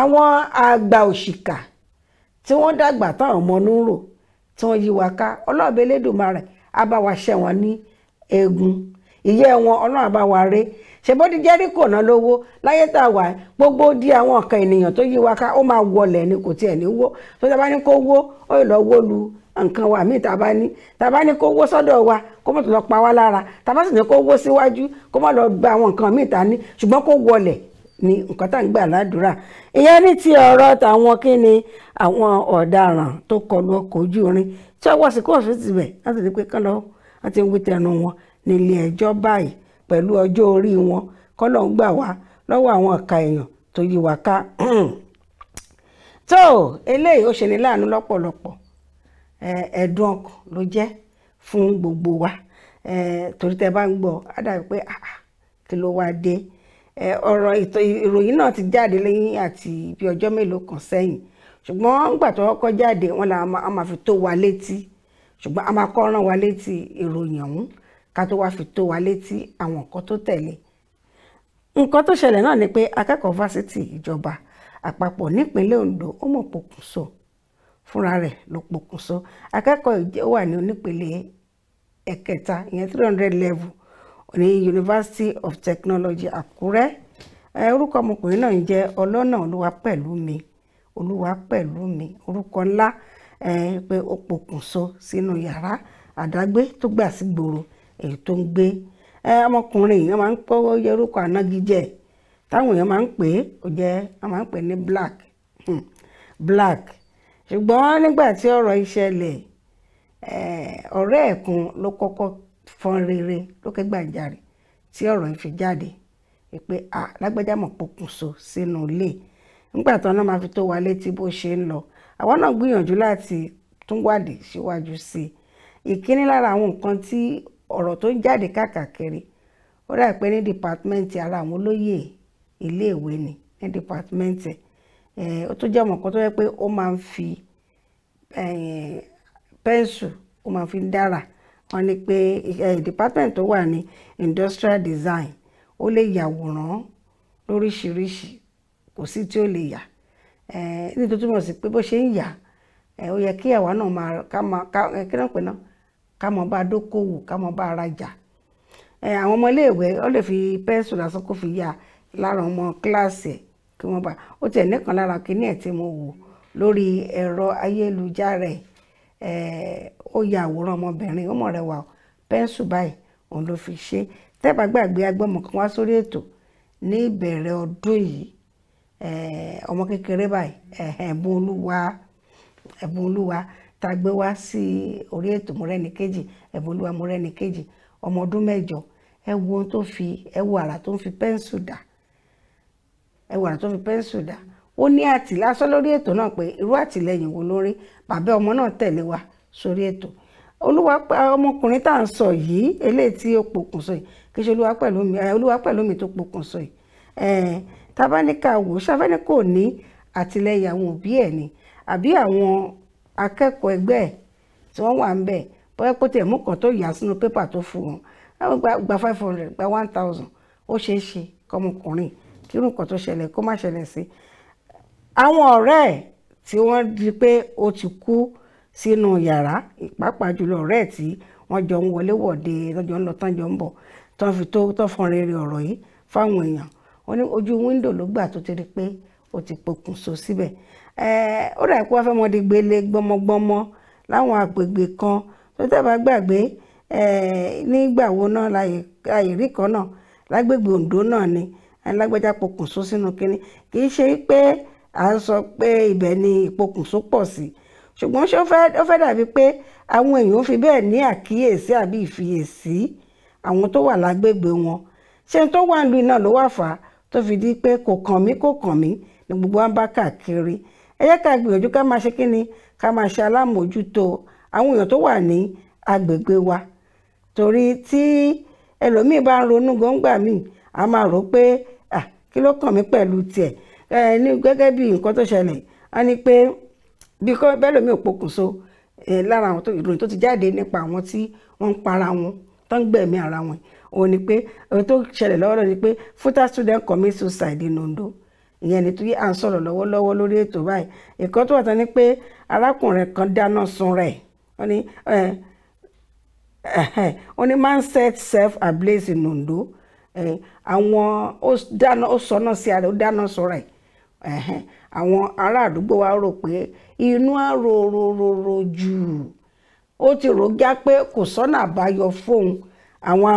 àwọn àgbà òṣìkà tí wọ́n dàgbà táwọn ọmọ ń rò tí wọ́n yí wa ká ọlọ́ọ̀bẹ Elédùmarè á bá wa ṣẹ́ wọn ní egun ìyẹ́ wọn ọlọ́run bá wa ré ṣèbọ́dí Jẹ́ríkò náà lówó láyé tá a wà gbogbo di àwọn nǹkan ènìyàn tó yí wa ká ó máa wọlẹ̀ ni kò tiẹ̀ ní wó tó tá a bá ní kó wó ó lọ wó lu nǹkan wa míì tá a bá ní tá a bá ní kó wó sọ́dọ̀ wa kó mọ̀ tó lọ pa wá lára tá a bá sì ní kó wó síwájú kó mọ̀ lọ gba àwọn nǹkan míì tá a ní ṣùgbọ́n kó wọlẹ̀ ni nǹkan tá à ń gbà ládùúrà ìyẹn ní ti ọ̀rọ̀ tàwọn kí ni àwọn ọ̀daràn tó kọlu ọkọ̀ ojú irin tí ọwọ́ sí kóòsù ti bẹ̀ láti rí pé kán lọ wọ́n ti ń wí tẹnu wọn nílé ẹjọ́ báyìí pẹ̀lú ọjọ́ orí wọn kọ́lọ̀ ń gbà wá lọ́wọ́ àwọn ọ̀ka èèyàn tó yí wa ká. tó eléyìí ó ṣe ní láàánú lọ́pọ̀lọpọ̀ ẹ̀ẹ́dùn ọkàn ló jẹ́ fún gbogbo wa torí tẹ bá ń gbọ́ á dàbí pé kí ló wá dé ọ̀rọ̀ ìròyìn náà ti jáde lẹ́yìn àti bí ọjọ́ mélòó kan sẹ́yìn ṣùgbọ́n ńgbà tó kọ́kọ́ jáde wọn là á máa fi tó wa létí ṣùgbọ́n a máa kọ́ rán wa létí ìròyìn ọ̀hún ká tó wá fi tó wa létí àwọn nǹkan tó tẹ̀lé nǹkan tó ṣẹlẹ̀ náà ni pé akẹ́kọ̀ọ́ fásitì ìjọba àpapọ̀ nípínlẹ̀ Ondo ó mọ̀ pokùnso fúnra rẹ̀ ló pokùnso akẹ́kọ̀ọ́ wà ní onípele ẹ̀kẹta ìyẹn three hundred level ní University of Technology Àkúrẹ́ orúkọ ọmọkùnrin náà ń jẹ́ ọlọ́nà Olúwapẹ̀lúmi Olúwapẹ̀lúmi orúkọ ńlá pé ó pokùnso sínú yàrá àdágbé tó gbà sí gbòòrò èyí tó ń gbé ọmọkùnrin yìí wọ́n máa ń pọ́ orúkọ ànágíjẹ́ táwọn èèyàn máa ń pè é ó jẹ́ wọ́n máa ń pè é ní black hmm. black ṣùgbọ́n nígbà tí ọ̀rọ̀ ọ̀rẹ́ fọ́n rere ló kẹ́gbà jàre tí ọ̀rọ̀ yìí fi jáde pé à lágbájá mọ̀ pokùnso sínú ilé nígbà tán náà máa fi tó wa létí bó ṣe ń lọ àwa náà gbìyànjú láti tún wádìí síwájú sí i ìkíní lára àwọn nǹkan tí ọ̀rọ̀ tó ń jáde káàkiri ó dà pé ní dìpátímẹ́ǹtì ara àwọn olóyè iléèwé ni ní dìpátímẹ́ǹtì ẹ̀ ó tó jẹ́ ọmọkan tó yẹ pé ó máa ń fi pẹ́ńsù ó máa fi ń dára wọ́n ní pé eh, department tó wà ní industrial design ó lè yàwòrán lóríṣiríṣi kò sí tí ó lè yà eh, ní tó túmọ̀ sí pé bó ṣe ń yà eh, ó yẹ kí àwa náà máa ká máa kí náà pè náà ká máa bá dókòwò ká máa bá rajà àwọn ọmọ iléèwé ó lè fi pẹ́ńsù lásán kó fi yà lára ọmọ kíláàsì ẹ̀ kí wọ́n bá ó tiẹ̀ nìkan lára kínní ẹ̀ tí mo wò lórí ẹ̀rọ ayélujára ẹ̀ ó ya àwòrán ọmọbìnrin ó mọ̀ rẹwà o pẹ́ńsù báyìí òun ló fi ṣe tẹ́ẹ̀bà gbàgbé agbọ́mọ kan wá sórí ètò ní ìbẹ̀rẹ̀ ọdún yìí ọmọ kékeré báyìí ẹ̀bùn olúwa ẹ̀bùn olúwa tá a gbé wá sí orí ètò mọ́rẹ́nìkejì ẹ̀bùn olúwa mọ́rẹ́nìkejì ọmọ ọdún mẹ́jọ ẹ wo ohun tó fi ẹ wo àrà tó ń fi pẹ́ńsù dà ẹ wo àrà tó ń fi pẹ́ńsù dà ó ní àtìlá sọ lórí ètò náà pé irú àtìlẹyìn wo ló rí bàbá ọmọ náà tẹ̀lé wa sórí ètò olúwa ọmọkùnrin tá à ń sọ yìí eléyìí tí ó pokùnso yìí kì í ṣe olúwa pẹ̀lú mi olúwa pẹ̀lú mi tó pokùnso yìí tábánikà wò ṣàfẹ́ni kò ní àtìlẹyìn àwọn òbí ẹ̀ ni àbí àwọn akẹ́kọ̀ọ́ ẹgbẹ́ ẹ̀ tí wọ́n wà ń bẹ̀ bóyá kó tiẹ̀ mú kàn tó yà sínú pépà tó fún wọn gba five hundred gba one thousand ó ṣeé ṣe kọ́mọkùnrin kí irú nǹkan tó ṣẹlẹ̀ kó má ṣẹlẹ̀ sí i àwọn ọ̀rẹ́ ẹ̀ tí wọ́n di pé ó ti kú sínú yàrá pàápàá jùlọ ọ̀rẹ́ ẹ̀ tí wọ́n jọ ń wọlé wọ̀de tọ́jọ́ ń lọ tọ́jọ́ ń bọ̀ tọ́ fi tó tọ́ fọn rere ọ̀rọ̀ yìí fáwọn èèyàn ó ní ojú wíńdò ló gbà tó ti rí pé ó ti pokùnso síbẹ̀ ó dà pé wọ́n fẹ́ mọ́dé gbélé gbọmọgbọmọ láwọn àgbègbè kan tó tẹ́bà gbàgbé nígbà wo náà láyè rí kan náà lágbègbè Oǹdó náà ni alágbèjà pokùnso sínú kínní kì í ṣe pé à ń sọ pé ibẹ̀ ni ìpokùnso pọ̀ sí ṣùgbọ́n ṣé ó fẹ́ dàbí pé àwọn èèyàn fi bẹ́ẹ̀ ní àkíyèsí àbí ìfiyèsí àwọn tó wà lágbègbè wọn ṣé tó wà nílùú náà ló wà fà á tó fi di pé kò kàn mí kò kàn mí ni gbogbo wọn bá káàkiri ẹ jẹ́ ká gbìyànjú ká máa ṣe kí ni ká máa ṣe alámòójútó àwọn èèyàn tó wà ní agbègbè wa torí tí ẹlòmíì bá ń ronú góńgbà míì a máa rò pé kí ló kàn mí pẹ̀lú tiẹ̀ ní gẹ́gẹ́ bí nǹkan tó ṣẹlẹ̀ a ní pé bí kọ́ bẹ́ẹ̀ lómi ò pokùnso lára àwọn ìròyìn tó ti jáde nípa àwọn tí wọ́n ń para wọn tó ń gbẹ̀mí ara wọn ò ní pé ohun tó ṣẹlẹ̀ lọ́wọ́lọ́ ni pé futa student commit suicide in Ondo ìyẹn ni tí à ń sọ̀rọ̀ lọ́wọ́lọ́wọ́ lórí ètò báyìí ìkan tó wà tán ni pé arákùnrin kan dáná sun rẹ̀ ó ní ó ní man set self ablaze in Ondo àwọn ó dáná ó sọnà sí ara ó dáná sun rẹ̀ àwọn ará àdúgbò wa rò pé inú àròròròrò jù ó ti rò já pé kò sọ́nà àbáyọ fóun àwọn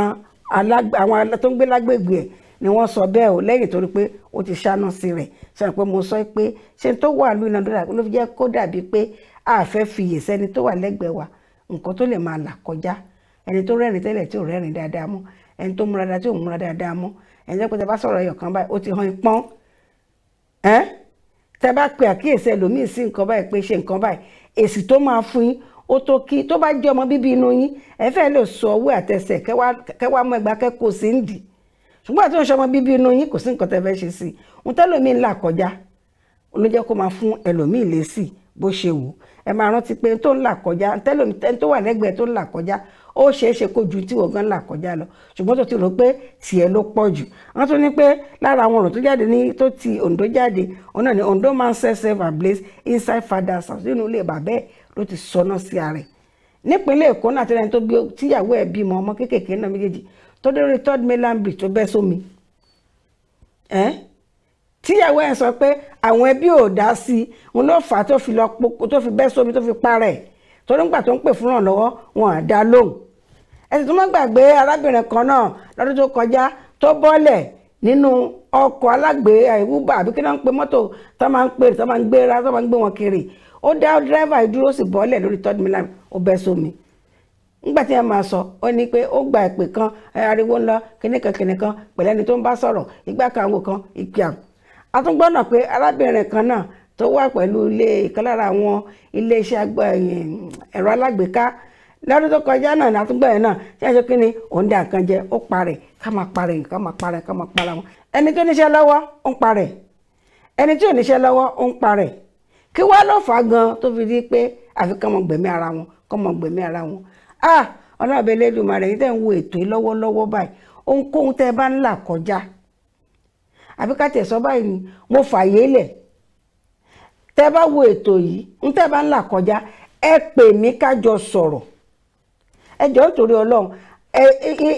àwọn tó ń gbé lágbègbè ẹ̀ ni wọ́n sọ bẹ́ẹ̀ o lẹ́yìn torí pé ó ti ṣáná sí rẹ̀ pé mo sọ pé ṣe tó wà lóyún náà ló fi jẹ́ kó dàbí pé àfẹ́ fiyè tó wà lẹ́gbẹ̀ẹ́ wa nǹkan tó lè máa là kọjá ẹni ẹ́n tẹ́ bá pe àkíyèsí ẹlòmíì sí nǹkan báyìí pé ṣe nǹkan báyìí èsì tó máa fún yín ó tó kí tó bá jẹ́ ọmọ bíbí inú yín ẹ fẹ́ lè sọ ọwọ́ àtẹsẹ̀ kẹwàá mọ ẹgbàá kẹ́kọ̀ọ́ sí ń dì ṣùgbọ́n àti ọ̀ṣọ́ ọmọ bíbí inú yín kò sí nǹkan tẹ́ fẹ́ ṣe sí i ohun tẹ́lòmíì là kọjá ló jẹ́ kó máa fún ẹlòmíì lésì bó ṣe wù ẹ máa rántí pé tó ń là kọjá tẹ́lòmíì tó wà lẹ́gbẹ̀ẹ́ tó ń kọjá ó ṣeé ṣe kó ju tí wọ́n gan là kọjá lọ ṣùgbọ́n tó ti rò pé tiẹ̀ ló pọ̀ jù wọ́n tún ní pé lára àwọn ọ̀rọ̀ tó jáde ní tó ti Ondo jáde òun náà ni Ondo man set self ablaze inside father's house nínú ilé bàbá ẹ̀ ló ti sọnà sí ara ẹ̀ nípínlẹ̀ Èkó náà àti ẹni tó bí tíyàwó ẹ̀ bímọ ọmọ kéékèèké náà méjèèjì tó dé orí third mainland bridge tó bẹ́ sómi tíyàwó ẹ̀ sọ pé àwọn ẹbí ò dá sí i òun ló fà á tó fi bẹ́ sómi tó fi parẹ́ ẹ̀ torí ńgbà tó ń pè fúnràn lọ́wọ́ wọn à dá lóhùn ẹ̀sìn tó má gbàgbé arábìnrin kan náà lọ́dún tó kọjá tó bọ́lẹ̀ nínú ọkọ̀ alágbé àìwúbà eh, àbí kí náà ń pe mọ́tò tó máa ń pè tó máa ń gbéra tó máa ń gbé wọn kiri ó dá dírẹ́fà ìdúró sì bọ́lẹ̀ lórí third milan ó bẹ́ sómi nígbà tí ẹ máa sọ ó ní pé ó gba ìpè kan ariwo ńlá kìnìkan kìnìkan pẹ̀lú tó ń bá sọ̀rọ̀ ìgbà kan àwọn kan ìpìàm àtúngbọ́nà pé arábìnrin kan náà tó wà pẹ̀lú ilé ìkan lára àwọn iléeṣẹ́ eh, ẹ̀rọ alágbèéká lọ́dún tó kọjá náà látúgbà yẹn náà ṣé ẹ ṣe kí ni òun dà kan jẹ ó parẹ̀ ká máa parẹ̀ ká máa parẹ̀ ká máa para wọn ẹni tó níṣẹ́ lọ́wọ́ ó ń parẹ̀ ẹni tí ò níṣẹ́ lọ́wọ́ ó ń parẹ̀ kí wá ló fà á gan tó fi di pé àfi kán mọ gbẹ̀mí ara wọn kán mọ gbẹ̀mí ara wọn ah ọlọ́ọ̀bẹ Elédùmarè yìí tẹ̀ ń wo ètò yìí lọ́wọ́lọ́wọ́ báyìí ohunkóhun tẹ́ ẹ bá ń là kọjá àbí mo fàyè tẹ́ bá wo ètò yìí ń tẹ́ bá ń là kọjá ẹ pè mí kájọ sọ̀rọ̀ ẹ torí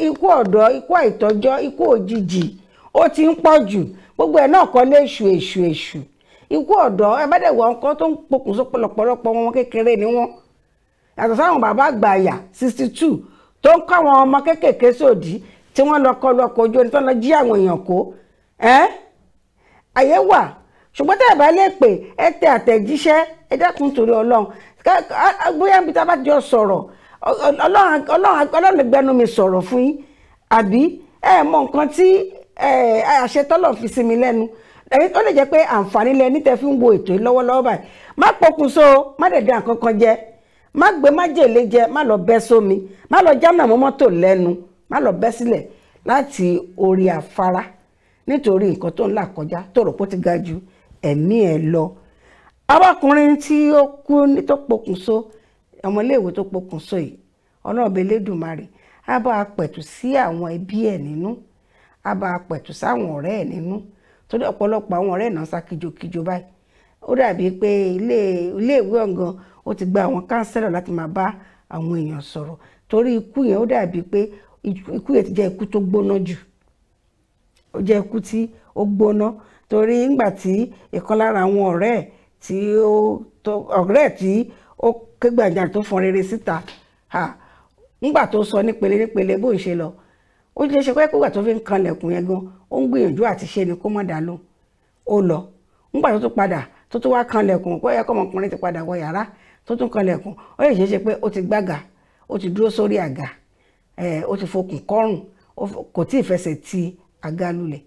ikú ọdọ ikú àìtọjọ ikú òjijì ó ti ń pọ jù gbogbo ẹ náà kọ́ lé èṣù èṣù èṣù ikú ọdọ ẹ bá wọ nǹkan tó ń pokùnso wọn kékeré ni sáwọn bàbá ọmọ kékèké sòdí tí lọ ojú tó lọ jí àwọn èèyàn kó ṣùgbọ́n tẹ́ ẹ̀ bá lè pè ẹ tẹ àtẹ̀jíṣẹ́ ẹ dákun torí ọlọ́run bóyá níbi tá a bá jọ sọ̀rọ̀ ọlọ́run gbẹnu mi sọ̀rọ̀ fún yín àbí ẹ mọ nǹkan tí àṣẹ tọ́lọ̀ fi sí mi lẹ́nu ó lè jẹ́ pé àǹfààní lẹ nítẹ̀ fi ń wo ètò yìí lọ́wọ́lọ́wọ́ báyìí má pokùnso má dẹ̀ dá nǹkan kan jẹ má gbé májèlé jẹ má lọ bẹ́ sómi má lọ jámà mọ́ mọ́tò lẹ́nu má lọ bẹ́ sílẹ̀ láti orí afárá nítorí nǹkan tó ń là kọjá tó rò pó ti ga jù ẹ̀mí ẹ̀ lọ arákùnrin tí ó kú ní tó pokùnso ọmọléèwé tó pokùnso yìí ọlọ́ọ̀bẹ lẹ́dùnmarè á bá a pẹ̀tù sí àwọn ẹbí ẹ̀ nínú á bá a pẹ̀tù sáwọn ọ̀rẹ́ ẹ̀ nínú torí ọ̀pọ̀lọpọ̀ àwọn ọ̀rẹ́ náà sá kíjokíjo báyìí ó dàbí pé iléèwé ọ̀gán ó ti gba àwọn kánsẹ́lọ̀ láti máa bá àwọn èèyàn sọ̀rọ̀ torí ikú yẹn ó dàbí pé ikú yẹn ti jẹ́ ikú tó gbóná jù ó jẹ́ ikú tí ó gbóná torí ńgbà tí ìkan lára àwọn ọ̀rẹ́ ẹ̀ tí ó tó ọ̀rẹ́ ẹ̀ tí ó kégbàjà tó fọn rere síta ńgbà tó sọ nípele nípele bó ń ṣe lọ ó lè ṣe pé kógbà tó fi ń kanlẹ̀kùn yẹn gan ó ń gbìyànjú àti ṣe ni kó má dá lóhùn ó lọ ńgbà tó tún padà tó tún wá kanlẹ̀kùn kó yẹ kó ti padà wọ yàrá tó tún kanlẹ̀kùn ó lè ṣe pé ó ti gbága ó ti dúró sórí àga ó ti fokùn kọ́rùn kò tí ì fẹsẹ̀ ti àga lulẹ̀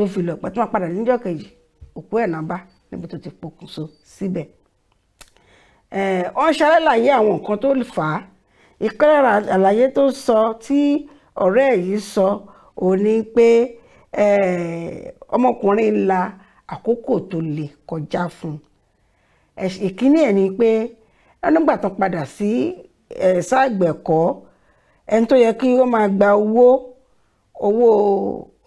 ló fi lọ pẹ̀tún àpadà níjọ́ kejì òkú ẹ̀ náà bá níbi tó ti pokùnso síbẹ̀. wọ́n ṣàlàyé àwọn nǹkan tó fà á ìkọ́lára àlàyé tó sọ tí ọ̀rẹ́ yìí sọ òun pé ọmọkùnrin la àkókò tó le kọjá fún ìkíní ẹ̀ ni pé nígbà tó padà sí ṣáàgbẹ̀kọ́ ẹni tó yẹ kí ó máa gba owó owó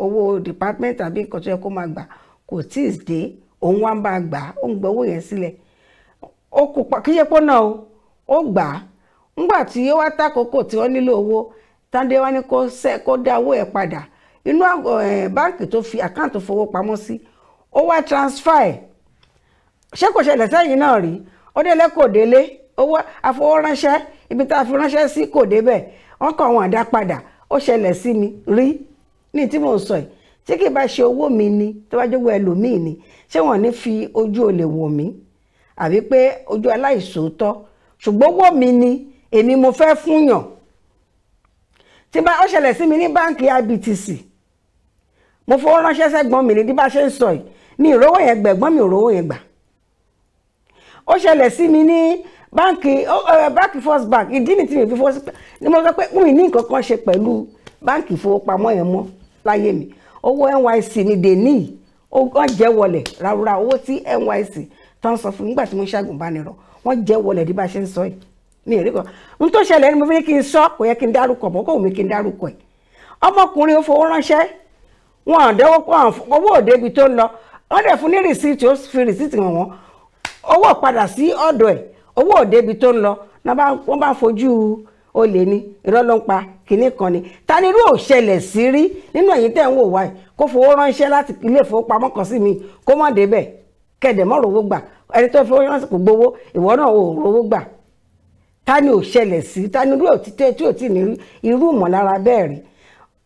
owó department àbí nǹkan tó yẹ kó máa gbà kò tí ì dé òun wá ń bá a gbà ó ń gba owó yẹn sílẹ̀ ó kò pa kíyẹ pọ́ náà ó gbà á ńgbà tí ó wá tákòókò tí wọ́n nílò owó Tande wá ní kó sẹ́ kó dá owó ẹ̀ padà inú eh, báǹkì tó fi àkáǹtì fowó pamọ́ sí ó wá transfer ẹ̀ ṣé kò ṣẹlẹ̀ sẹ́yìn náà rí ó délé kò délé owó àfowóránṣẹ́ ibi tá a fi ránṣẹ́ sí kò débẹ̀ wọ́n kàn wọ́n àdá padà ó ṣẹlẹ̀ sí mi rí ní tí mò ń sọ yìí tí kì í bá ṣe owó mi ni tó bá jogún ẹlòmíì ni ṣé wọn ní fi ojú olè wò mí àbí pé ojú aláìsòótọ́ ṣùgbọ́n owó mi ni èmi mo fẹ́ fúnyàn tí bá ó ṣẹlẹ̀ sí mi ní báǹkì IBTC mo fowó ránṣẹ́ sẹ́gbọ́n mi ní bí bá ṣe ń sọ yìí mi ìrówó yẹn gbà ẹ̀gbọ́n mi ìrówó yẹn gbà ó ṣẹlẹ̀ sí mi ní báǹkì báǹkì first bank ìdí nìtí mi fi fowó sí pé ni mo sọ pé mi ní nǹkan kan ṣe pẹ̀lú báǹkì ìfowópamọ́ yẹn mọ́ láyé mi owó NYSC ni dèní wọ́n jẹ́ wọlé ráúrá owó tí NYSC tó ń sọ fún nígbà tí mo ń ṣàgùnbánirọ̀ wọ́n jẹ́ wọlé bí bá ṣe ń sọ yìí mi ò rí kan n tó ṣẹlẹ̀ ni mo fi kí n sọ kò yẹ kí n dárúkọ bọ́ kò wù mí kí n dárúkọ ẹ̀ ọmọkùnrin ó fowó ránṣẹ́ wọn ò dẹ́wọ́ owó òde ibi tó ń lọ wọ́n dẹ̀ fún ní rìsíìtì ó fi rìsíìtì hàn wọ́n owó padà sí ọ̀dọ̀ ẹ̀ owó òde ibi tó ń lọ wọ́n bá fojú olè ni irọ́ ló ń pa kìnnì kan ni ta ni irú ò ṣẹlẹ̀ sí rí nínú ẹ̀yìn tẹ̀ ń wò wáyé kó fowó ránṣẹ́ láti ilé ìfowópamọ́ kan sí mi kó mọ̀ débẹ̀ kẹ̀dẹ̀ mọ̀ rówó gbà ẹni tó fowó ránṣẹ́ kò gbowó ìwọ náà ò rówó gbà ta ni ò ṣẹlẹ̀ sí ta ni irú òtítẹ́ tí ò tí ní irú ìmọ̀lára bẹ́ẹ̀ rí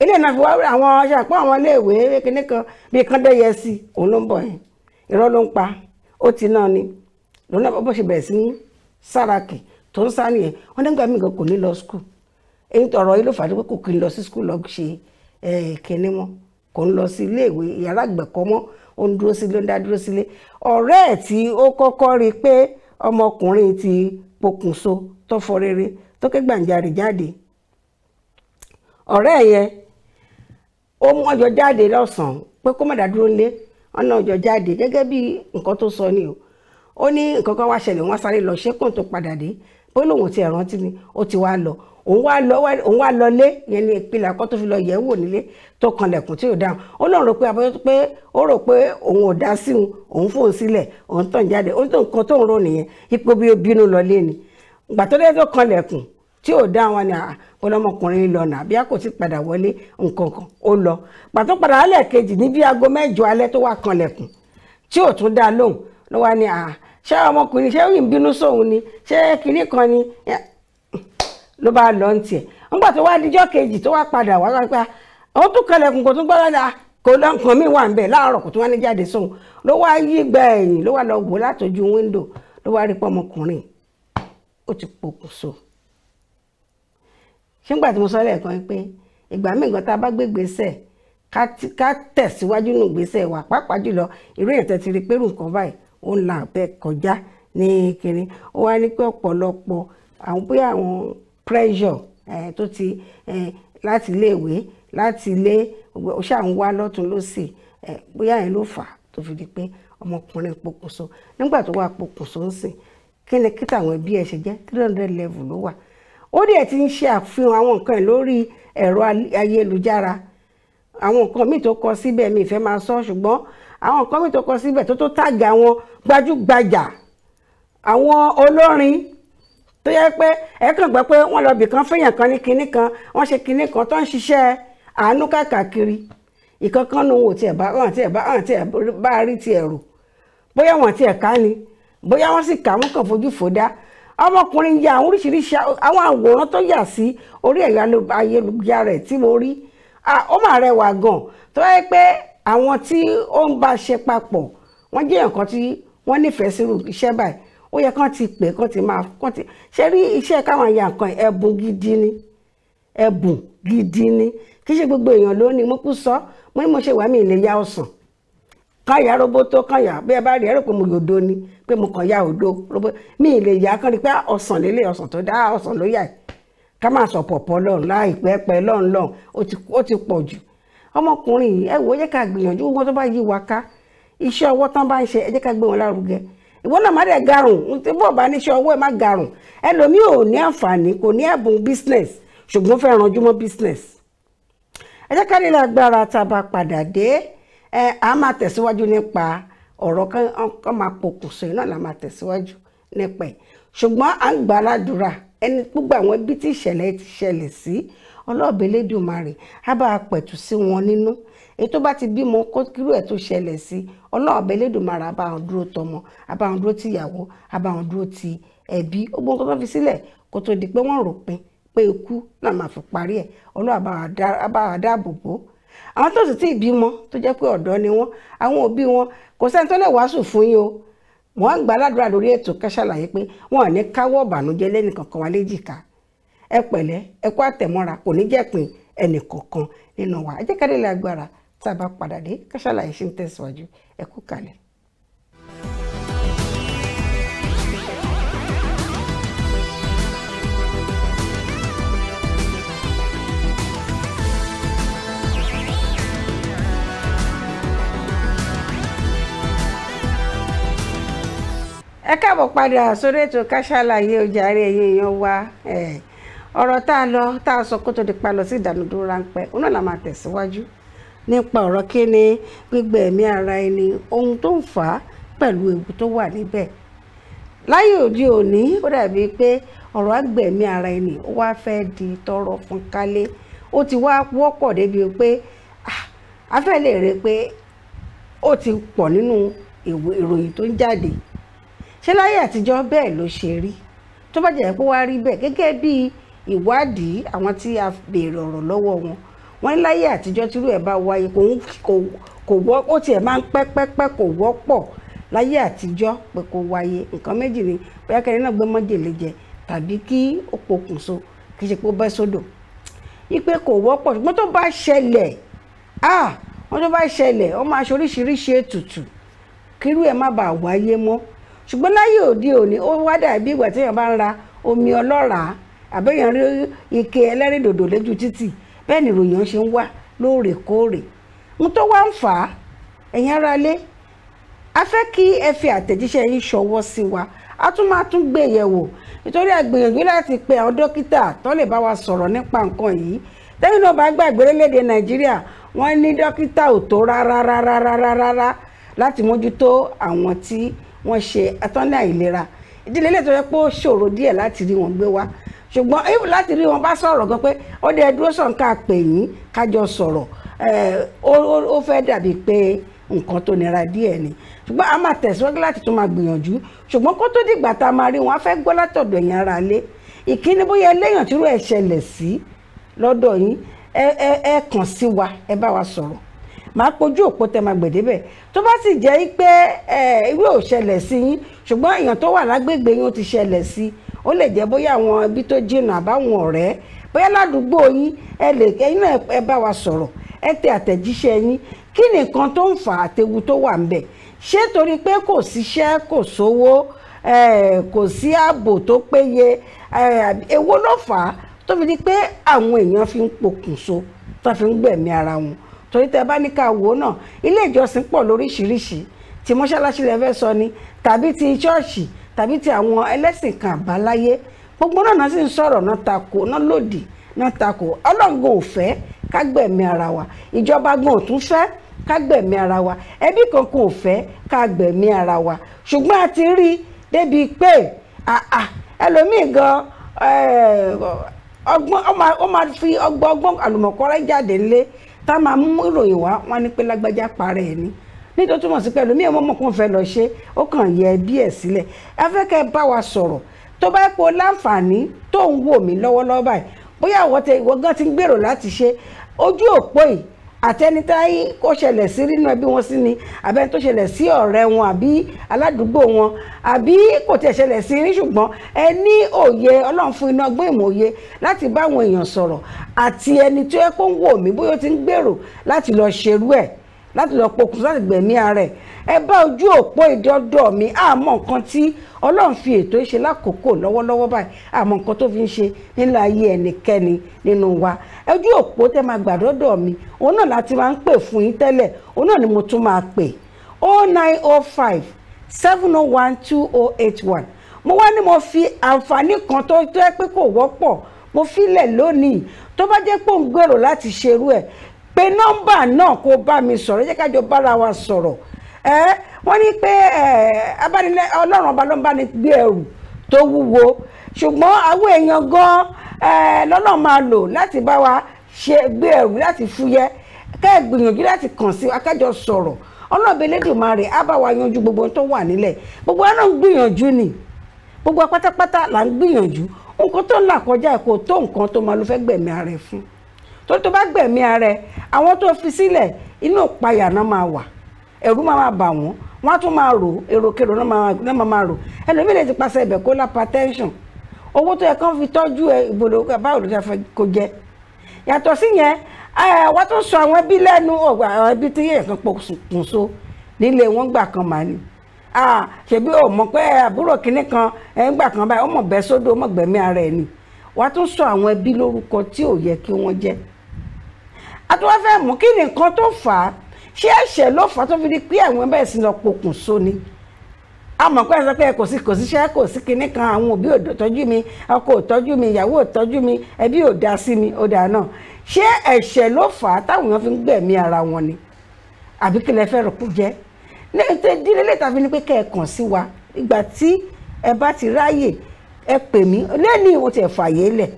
ilé náà fi wá àwọn ṣàpọ̀ àwọn iléèwé kìnnì kan bíi kọ́ndẹ́yẹ sí òun ló ń bọ̀ yẹn irọ́ ló ń pa ó ti náà ni lọ́nà bó ṣe bẹ̀rẹ̀ sí ní tó ń sá nìyẹn wọn nígbà míì gan kò ní lọ skul èyí ọ̀rọ̀ yìí ló fà á pé kò kì í lọ sí skul lọ ṣe kínní mọ́ kò ń lọ sí iléèwé yàrá àgbẹ̀kọ́ mọ́ ó ń dúró sílé ó ń dá dúró sílé ọ̀rẹ́ ẹ̀ tí ó kọ́kọ́ rí i pé ọmọkùnrin ti pokùnso tó rere tó gbàǹjarè jáde ọ̀rẹ́ ẹ̀ yẹn ó mú ọjọ́ jáde lọ́sàn-án pé kó má dádúró lé ọ̀nà ọjọ́ jáde gẹ́gẹ́ bí nǹkan tó sọ ni o ó ní nǹkan kan wá ṣẹlẹ̀ wọ́n sáré lọ ṣẹ́kùn tó padà dé ó lóun ti ẹ̀rántí ni ó ti wá lọ òun wá lọ òun wá lọ lé yẹn ní ìpìlẹ̀ àkọ́ tó fi lọ yẹ̀wò nílé tó kanlẹ̀kùn tí ò dáhùn ó lóun rò pé abọ́jọ́ pé ó rò pé òun ò dá sí òun òun fòun sílẹ̀ òun tàn jáde ó tó nǹkan tó ń rò nìyẹn ipò bí ni ìgbà tó dé tó kanlẹ̀kùn tí ò ni ọlọmọkùnrin lọ nà bí a kò ti padà wọlé ó lọ padà alẹ́ kejì ní aago mẹ́jọ alẹ́ tó wà kanlẹ̀kùn ṣé ọmọkùnrin ṣé òyìn bínú sóun ni ṣé kinní kan ni ló bá lọ ní tiẹ̀ nígbà tó wá díjọ́ kejì tó wá padà wá wá pé àwọn tó kẹlẹ̀kùn kò tún gbọ́dọ̀ dà kò lọ nǹkan mi wà ń bẹ̀ láàárọ̀ kò tún wá ní jáde sóun ló wá yí gba ẹ̀yìn ló wá lọ wò látọjú wíńdò ló wá rí pé ọmọkùnrin ó ti pokùnso ṣé nígbà tí mo sọ lẹ́ẹ̀kan pé ìgbà míì gan tá a bá gbé gbèsè ká tẹ̀síwájú nù gbèsè wa pàápàá jùlọ irú èèyàn tẹ́ ti rí pé irú nǹkan báyìí ó ń la àbẹ́ kọjá ní kiri ó wá ní pé ọ̀pọ̀lọpọ̀ àwọn bóyá àwọn pressure tó ti láti iléèwé láti ilé ó ṣàwọn wá lọ́tún lọ́sì bóyá yẹn ló fà á tó fi di pé ọmọkùnrin pokùnso nígbà tó wà pokùnso ń sìn kí ni kí tàwọn ẹbí ẹ ṣe jẹ́ three hundred level ló wà ó dẹ̀ ti ń ṣe àfihàn àwọn nǹkan ẹ̀ lórí ẹ̀rọ ayélujára àwọn nǹkan míì tó kọ síbẹ̀ mi ìfẹ́ máa sọ ṣùgbọ́n àwọn nǹkan mi tó kọ síbẹ̀ tó tó tàgì àwọn gbajúgbajà àwọn olórin tó yẹ pé ẹ kàn gbọ́ pé wọ́n lọ bìkan fẹ́yàn kan ní kinní kan wọ́n ṣe kinní kan tó ń ṣiṣẹ́ àánú káàkiri ìkankan nu wò tiẹ̀ bá hàn tiẹ̀ bá hàn tiẹ̀ bá rí tiẹ̀ rò bóyá wọ́n tiẹ̀ ká ni bóyá wọ́n sì kà wọ́n kàn fojú fò dá ọmọkùnrin ya àwọn oríṣiríṣi àwọn àwòrán tó yà sí orí ẹ̀yà ayélujára ẹ̀ tí mo rí ó mà rẹwà gan tó yẹ pé àwọn tí ó ń bá ṣe papọ̀ wọ́n jẹ́ nǹkan tí wọ́n nífẹ̀ẹ́ sí iṣẹ́ báyìí ó yẹ kán ti pè kán ti máa kán ti ṣe rí iṣẹ́ káwọn ya nǹkan ẹ̀bùn gidi ni ẹ̀bùn gidi ni kì í ṣe gbogbo èèyàn ló ní mo kú sọ mo ní mo ṣe wà mí ilé ya ọ̀sán kán ya roboto kán ya bí ẹ bá rí ẹ rò pé mo yòdo ni pé mo kàn ya òdo robo mi ilé ya kán rí pé ah, ọ̀sán lélẹ̀ ọ̀sán tó dá ọ̀sán ló yà ká máa sọ pọ̀pọ̀ lọ́run láìpẹ́ pẹ́ lọ́run lọ́run ó ti pọ̀ jù ọmọkùnrin yìí ẹ wò ó jẹ́ ká gbìyànjú wọn tó bá yí wa ká iṣẹ́ ọwọ́ tán bá ń ṣe ẹ jẹ́ ká gbé wọn lárugẹ ìwọ náà má dẹ̀ garùn tí bó bá níṣẹ́ ọwọ́ ẹ má garùn ẹlòmíì ò ní àǹfààní kò ní ẹ̀bùn business ṣùgbọ́n fẹ́ ranjú mọ́ business. ẹ jẹ́ ká nílẹ̀ agbára tá a bá padà dé ẹ a máa tẹ̀síwájú nípa ọ̀rọ̀ kan máa pokùnso iná la máa tẹ̀síwájú nípa ẹ̀ ṣùgbọ́n à ń gbàládùra ẹni gbogbo àwọn ibi tí ìṣẹ̀lẹ̀ ti ṣẹlẹ̀ sí ọlọ́ọ̀bẹ lẹ́dùnmarè á bá a pẹ̀tù sí wọn nínú èyí tó bá ti bímọ kó kírú ẹ̀ tó ṣẹlẹ̀ sí ọlọ́ọ̀bẹ lẹ́dùnmarè á bá wọn dúró tọmọ á bá wọn dúró ti ìyàwó á bá wọn dúró ti ẹbí ogbó nǹkan tó fi sílẹ̀ kó tó di pé wọ́n rò pin pé ikú náà máa fi parí ẹ̀ ọlọ́ọ̀ á bá wa dáàbò bò ó àwọn tó sì tí ì bímọ tó wọn kò sẹ́ni lórí ètò ká pé wọn ò ní káwọ́ ọ̀bànújẹ́ lẹ́nìkankan wa léjìká ẹ pẹ̀lẹ́ ẹ kú àtẹ̀mọ́ra kò ní jẹ́ ẹnì kọ̀ọ̀kan nínú wa ẹ jẹ́ agbára tá a bá padà dé ká ṣàlàyé ń kalẹ̀. ọ̀rọ̀ tá a lọ tá a sọ kó tó di pa lọ sí ìdánudúró ráńpẹ́ òun náà la máa tẹ̀síwájú nípa ọ̀rọ̀ kíni gbígbẹ́ ẹ̀mí ara ẹni ohun tó ń fà á pẹ̀lú ewu tó wà níbẹ̀ láyé òde òní ó dàbí pé ọ̀rọ̀ àgbẹ̀mí ara ẹni ó wá fẹ́ di tọrọ fún kálé ó ti wá wọ́pọ̀ débi pé afẹ́ ah, lè pé ó ti pọ̀ nínú ìròyìn tó ń jáde ṣé láyé àtijọ́ bẹ́ẹ̀ ló ṣe rí tó bá jẹ́ pé wá rí bẹ́ẹ̀ gẹ́gẹ́ bíi ìwádìí àwọn tí a béèrè ọ̀rọ̀ lọ́wọ́ wọn wọ́n ní láyé àtijọ́ tírú ẹ̀ bá wáyé kò kò wọ́ ó tiẹ̀ máa ń pẹ́pẹ́pẹ́ kò wọ́pọ̀ láyé àtijọ́ pé kò wáyé nǹkan méjì ni bóyá kẹrin náà gbé mọ́jèlé jẹ tàbí kí ó pokùnso kì í ṣe pé ó bẹ́ sódò ipe kò wọ́pọ̀ ṣùgbọ́n tó bá ṣẹlẹ̀ ah wọ́n tó bá ṣẹlẹ̀ ó máa ṣe oríṣiríṣi ètùtù kírú ẹ̀ má bàa wáyé mọ́ ṣùgbọ́n láyé òde òní ó wá dàbí ìgbà téèyàn bá ń ra omi ọlọ́ràá àbẹ́yẹn rí ike ẹlẹ́rìndòdò lójú títì bẹ́ẹ̀ ni ìròyìn ṣe ń wá lóòrèkóòrè n tó wá ń fà á ẹ̀yin aráalé a fẹ́ kí ẹ fi àtẹ̀jíṣẹ́ yín ṣọwọ́ sí wa a tún máa tún gbé yẹ̀wò nítorí àgbìyànjú láti pe àwọn dókítà tó lè bá wa sọ̀rọ̀ nípa nǹkan yìí tẹ́yìn náà bá gbàgbé orílẹ̀-èdè nàìjíríà wọ́n ní dókítà ò tó rárá rárá rárá rárá láti mójútó àwọn tí wọ́n ṣe atọ́nà àìlera ìdílé ilé tó yẹ pé ó ṣòro díẹ̀ láti rí wọn gbé wá ṣùgbọ́n ewu láti rí wọn bá sọ̀rọ̀ gan pé ó dé dúró sàn ká pè yín kájọ sọ̀rọ̀ ó fẹ́ dàbí pé nǹkan tó nira díẹ̀ ni ṣùgbọ́n a máa tẹ̀síwájú láti tún máa gbìyànjú ṣùgbọ́n kó tó dìgbà tá a máa rí wọn a fẹ́ gbọ́ látọ̀dọ̀ ẹ̀yin ara lé ìkíni bóyá eléyàn tí irú ẹ̀ ṣẹlẹ̀ sí lọ́dọ̀ yín ẹ ẹ ẹ kàn sí wa ẹ bá wa sọ̀rọ̀ máa pojú òpó tẹ máa gbẹ̀débẹ̀ tó bá sì jẹ́ pé ẹ irú ò ṣẹlẹ̀ sí yín ṣùgbọ́n èèyàn tó wà lágbègbè yín ó ti ṣẹlẹ̀ sí i ó lè jẹ́ bóyá àwọn ibi tó jìnnà àbáwọn ọ̀rẹ́ bóyá ládùúgbò yín ẹ lè ẹ̀yin náà ẹ bá wa sọ̀rọ̀ ẹ tẹ àtẹ̀jíṣẹ́ yín kí nìkan tó ń fà àtewu tó wà ń bẹ̀ ṣé torí pé kò síṣẹ́ kò sówó kò sí ààbò tó péye èwo ló fà á tó fi di pé àwọn èèyàn fi ń pokùnso tó fi ń gbẹ̀mí ara wọn torí tẹ bá ní ká wò náà ilé ìjọsìn pọ̀ lóríṣiríṣi ti mọ́ṣáláṣí lẹ fẹ́ sọ ni tàbí ti ṣọ́ọ̀ṣì tàbí ti àwọn ẹlẹ́sìn kan àbáláyé gbogbo náà náà sì ń sọ̀rọ̀ náà takò náà lòdì náà takò ọlọ́ngbọ̀n ò fẹ́ ká gbẹ̀mí ara wa ìjọba gan ò tún fẹ́ ká gbẹ̀mí ara wa ẹbí kankan ò fẹ́ ká gbẹ̀mí ara wa ṣùgbọ́n a ti rí débi pé àà ẹlòmíì gan ọgbọ́n ó máa fi ọgbọ́n ọgbọ́n àlùmọ̀kọ́rẹ́ jáde ńlé tá a máa mú ìròyìn wá wọn ni pé lágbájá parẹ́ ẹ̀ ni nítorí túmọ̀ sí pẹ̀lú mi ò mọ̀ kó fẹ́ lọ ṣe ó kàn yẹ ẹbí ẹ̀ sílẹ̀ ẹ fẹ́ kẹ́ bá wa sọ̀rọ̀ tó bá pọ̀ láǹfààní tó ń wò mí lọ́wọ́lọ́wọ́ báyìí bóyá àwọn tẹ ìwọ gan ti ń gbèrò láti ṣe ojú òpó yìí àtẹnitáyé kó ṣẹlẹ̀ sí nínú ẹbí wọn sí ni àbẹ́ni tó ṣẹlẹ̀ sí ọ̀rẹ́ wọn àbí aládùúgbò wọn àbí kò tẹ̀ ṣẹlẹ̀ sí Ni ṣùgbọ́n ẹ ní òye ọlọ́run fún iná ọgbọ́n ìmọ̀ òye láti bá àwọn èèyàn sọ̀rọ̀ àti ẹni tó yẹ kó ń wò mí bóyá ó ti ń gbèrò láti lọ pokùn láti gbẹ̀mí ara ẹ̀ ẹ bá ojú òpó èdè ọ̀dọ̀ mi àmọ́ nǹkan tí Ọlọ́run fi ètò ìṣe lákòókò lọ́wọ́lọ́wọ́ báyìí àmọ́ nǹkan tó fi ń ṣe nílò ayé ẹnikẹ́ni nínú wa ojú òpó tẹ́ máa gbàdọ́dọ̀ mi òun náà láti máa ń pè fún yín tẹ́lẹ̀ òun náà ni mo tún máa pè 0905 701 2081 mo wá ní mo fi àǹfààní kan tó jẹ́ pé kò wọ́pọ̀ mo filẹ̀ lónìí tó bá jẹ́ pé òun gbèrò láti ṣerú ẹ̀ pé nọ́mbà náà kó bá mi sọ̀rọ̀ ẹ jẹ́ kájọ bára wa sọ̀rọ̀ ẹ wọ́n ní pé abánilẹ́ ọlọ́run ọba ló ń bá ní gbé ẹrù tó wúwo ṣùgbọ́n àwọn èèyàn gan-an lọ́nà máa lò láti bá wa ṣe gbé ẹrù láti fúyẹ́ kẹ́ ẹ gbìyànjú láti kàn sí akájọ sọ̀rọ̀ ọlọ́ọ̀bẹ Elédùmarè á bá wa yanjú gbogbo tó wà nílẹ̀ gbogbo wa náà ń gbìyànjú ni gbogbo pátápátá là ń gbìyànjú nǹkan tó ń là kọjá ẹ̀ kò tó nǹkan tó máa lọ fẹ́ gbẹ̀mí ara ẹ̀ fún torí tó bá gbẹ̀mí ara ẹ àwọn tó fi sílẹ̀ inú ìpayà náà máa wà ẹ̀rù máa bà wọ́n wọ́n á tún máa rò èròkèrò náà máa máa rò ẹlòmíì lè ti pàṣẹ ibẹ̀ kó lápá tẹ́ńsọ̀n owó tó yẹ kán fi tọ́jú ẹ ìbòdò báwo ló ṣe fẹ́ kó jẹ yàtọ̀ sí yẹn wọ́n tún sọ àwọn ẹbí lẹ́nu ọ̀gbà àwọn ẹbí tí yẹn kan pokùn so nílé wọn gbà kan màá ni ṣèbí ò mọ̀ pé àbúrò kínní kan ẹ̀ ń gbà kan báyìí ọmọ bẹ́ sódò ọmọ gbẹ̀mí ara ẹ̀ ni wọ́n tún sọ àwọn ẹbí lórúkọ tí ò yẹ kí wọ́n jẹ́ a tún wá fẹ́ mú kí ni nǹkan tó fà á ṣé ẹ̀ṣẹ̀ ló fà á tó fi di pé ẹ̀wọ̀n bẹ́ẹ̀ sí lọ pokùn so ni a mọ̀ pé ẹ sọ pé kò sí kò sí kò sí kinní kan àwọn òbí ò tọ́jú mi ọkọ ò tọ́jú mi ìyàwó ò tọ́jú mi ẹbí ò dá sí mi ó dà náà ṣé ẹ̀ṣẹ̀ ló fà á táwọn èèyàn fi ń gbẹ̀mí ara wọn ni àbí kí lẹ fẹ́ rò kú jẹ́ ní ètò ìdílé lẹ́ta fi ni pé kẹ́ sí wa ìgbà tí ẹ bá ti ráyè ẹ pè mí lẹ́ni ìwọ̀n tẹ̀ fàyè lẹ̀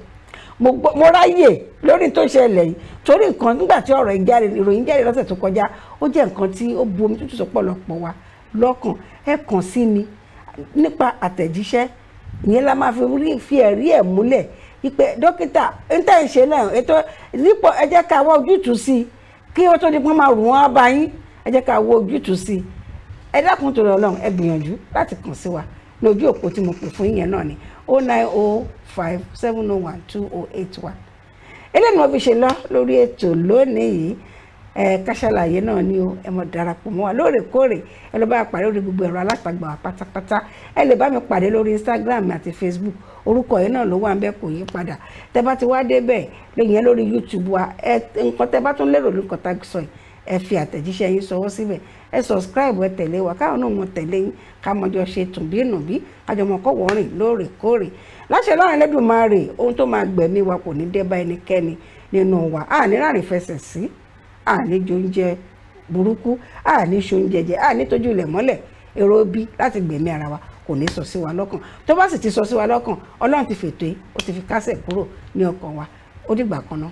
mo ráyè lórí tó ṣẹlẹ̀ yìí torí nǹkan nígbà tí ọ̀rọ̀ ìjáde ìròyìn jáde lọ́sẹ̀ tó kọjá ó jẹ́ nǹkan tí ó bu omi tútù sọ́pọ̀lọpọ̀ wa lọ́kàn ẹ kàn sí mi nípa àtẹ̀jíṣẹ́ ìyẹn la máa fi ẹ̀rí ẹ̀ múlẹ̀ ìpè dókítà níta ìṣe náà ètò nípò ẹ jẹ́ ká wá ojútùú sí i kí ó tó di pọ́n máa rù wọ́n bá yín ẹ jẹ́ ká wá ojútùú sí i ẹ dákun tó lọ lọ́run ẹ gbìyànjú láti kàn sí wa lójú òpó tí mo pè fún yín yẹn náà ni 090 5 701 2081 eléyìí ni wọ́n fi ṣe lọ lórí ètò lónìí yìí káṣàlàyé náà ni o ẹ mọ darapọ̀ mọ́ wa lóòrèkóòrè ẹ lọ bá a pàdé lórí gbogbo ẹ̀rọ alátagbà wa pátápátá ẹ lè bá mi pàdé lórí instagram àti facebook orúkọ yìí náà ló wà ń bẹ kò yí padà tẹ bá ti wá débẹ̀ lẹ́yìn lórí youtube wa ẹ nǹkan tẹ bá tún lérò lóko tá a sọ yìí ẹ fi àtẹ̀jíṣẹ́ yín sọwọ́ síbẹ̀ ẹ subscribe ẹ tẹ̀lé wa káwọn náà mọ tẹ̀lé yín ká mọjọ ṣe tùnbí nùbí àjọmọ̀kọ́ wọ̀ọ́rìn lóòrèkóòrè láṣẹ lọ́rùn Ẹlẹ́dùmarè ohun tó máa gbẹ̀mí wa kò ní dé bá ẹnikẹ́ni nínú wa àní rárìn fẹsẹ̀ sí àní jóúnjẹ burúkú àní sóúnjẹ jẹ àní tójú ilẹ̀ mọ́lẹ̀ èrò bí láti gbẹ̀mí ara wa kò ní sọ sí wa lọ́kàn tó bá sì ti sọ sí wa lọ́kàn Ọlọ́run ti fètò é e, ó ti fi kásẹ̀ kúrò ní ọkàn wa ó dìgbà kan náà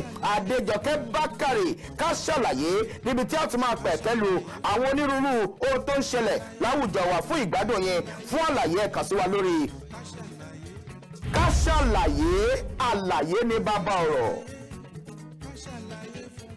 Adéjọkẹ́ Bákàrè ká ṣàlàyé níbi tí a ti máa pẹ̀kẹ́ lu àwọn onírúurú ohun tó ń ṣẹlẹ̀ láwùjọ wa fún ìgbádùn yẹn fún àlàyé ẹ kàn sí wa lórí ká ṣàlàyé àlàyé ní bàbá ọ̀rọ̀.